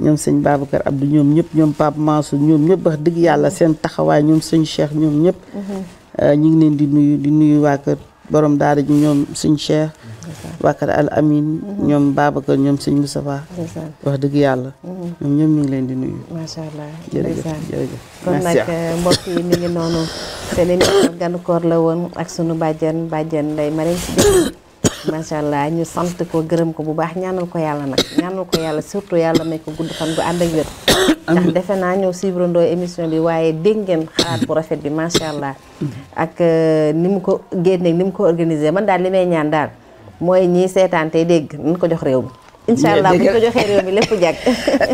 ñoom sëñ Babacar Abdou ñoom ñëpp ñoom Pape Mansour ñoom ñëpp wax dëgg yàlla seen taxawaay ñoom sëñ Cheikh ñoom ñëpp. Mm-hmm. Euh, ñu ngi leen di nuyu di nuyu waa kër. borom daara ji ñoom suñ Cheikh Bakar Al Amin mhm. ñoom Babacar ñoom suñ Moustapha wax dëgg yàlla mhm. ñoom ñoom ñu ngi leen di nuyu macha allah kon nag eh, mbokk yi mi ngi noonu seen émission ganu koor la woon ak sunu bàjjen bàjjen Ndeye Marie macha allah ñu sant ko gërëm ko bu baax ñaanal ko yàlla nag ñaanal ko yàlla surtout yàlla may ko gudd fan bu ànd ak wér [COUGHS] ndax defe naa ñëw suivrandoo émission bi waaye dégg ngeen xalaat bu rafet bi macha allah mm-hmm. ak euh, ni mu ko génneeg ni mu ko organisé man daal li may ñaan daal mooy ñiy seetaan tey dégg nañ ko jox réew mi incha allah bu ñu ko joxee réew mi lépp jag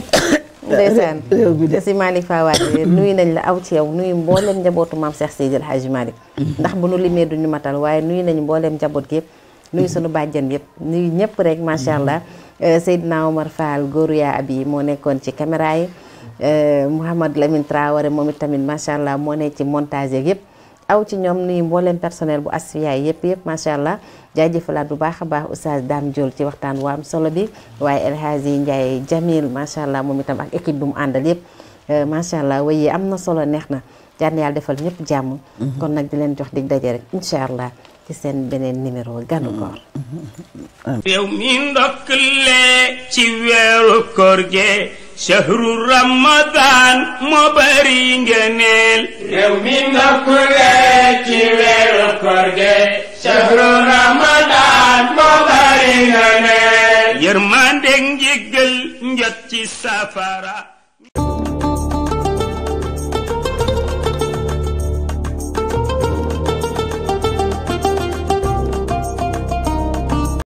[COUGHS] ndeysaan te [COUGHS] si Malick Fawaade nuyu nañ la aw ci yow nuyu mbooleem njabootu maam Cheikh Seydil Hadji Malick mm-hmm. ndax bu nu limee duñu matal waaye nuyu nañ mbooleem njaboot gi yëpp nuyu sunu bàjjan yep nuyu ñëpp rek macha allah mm-hmm. eh, Seydina Omar Fall góoru ya abi mo moo nekkoon ci caméra yi eh, Mouhamad Lamine Traoré momi it tamit macha allah mo ne ci montage aw ci ñom nuyu mbolem personnel bu Asfiyahi yep yëpp macha allah jaajëfalaat bu baax damjul baax oustaz Dame Diol ci waxtaan waam solo bi waaye El Hadji Ndiaye Jamil macha allah momi tam ak équipe bu mu àndal yëpp eh, macha allah waaye am na solo neex na yàlla defal ñëpp jàmm. Mm-hmm. kon nag di leen jox dig daje rek ci seen beneen numéro ganu mm-hmm. koor mm-hmm. réew mi ndokk lee ci weeru koor shahru ramadan moo bari ngëneel réew mi ndokk lee njot ci safara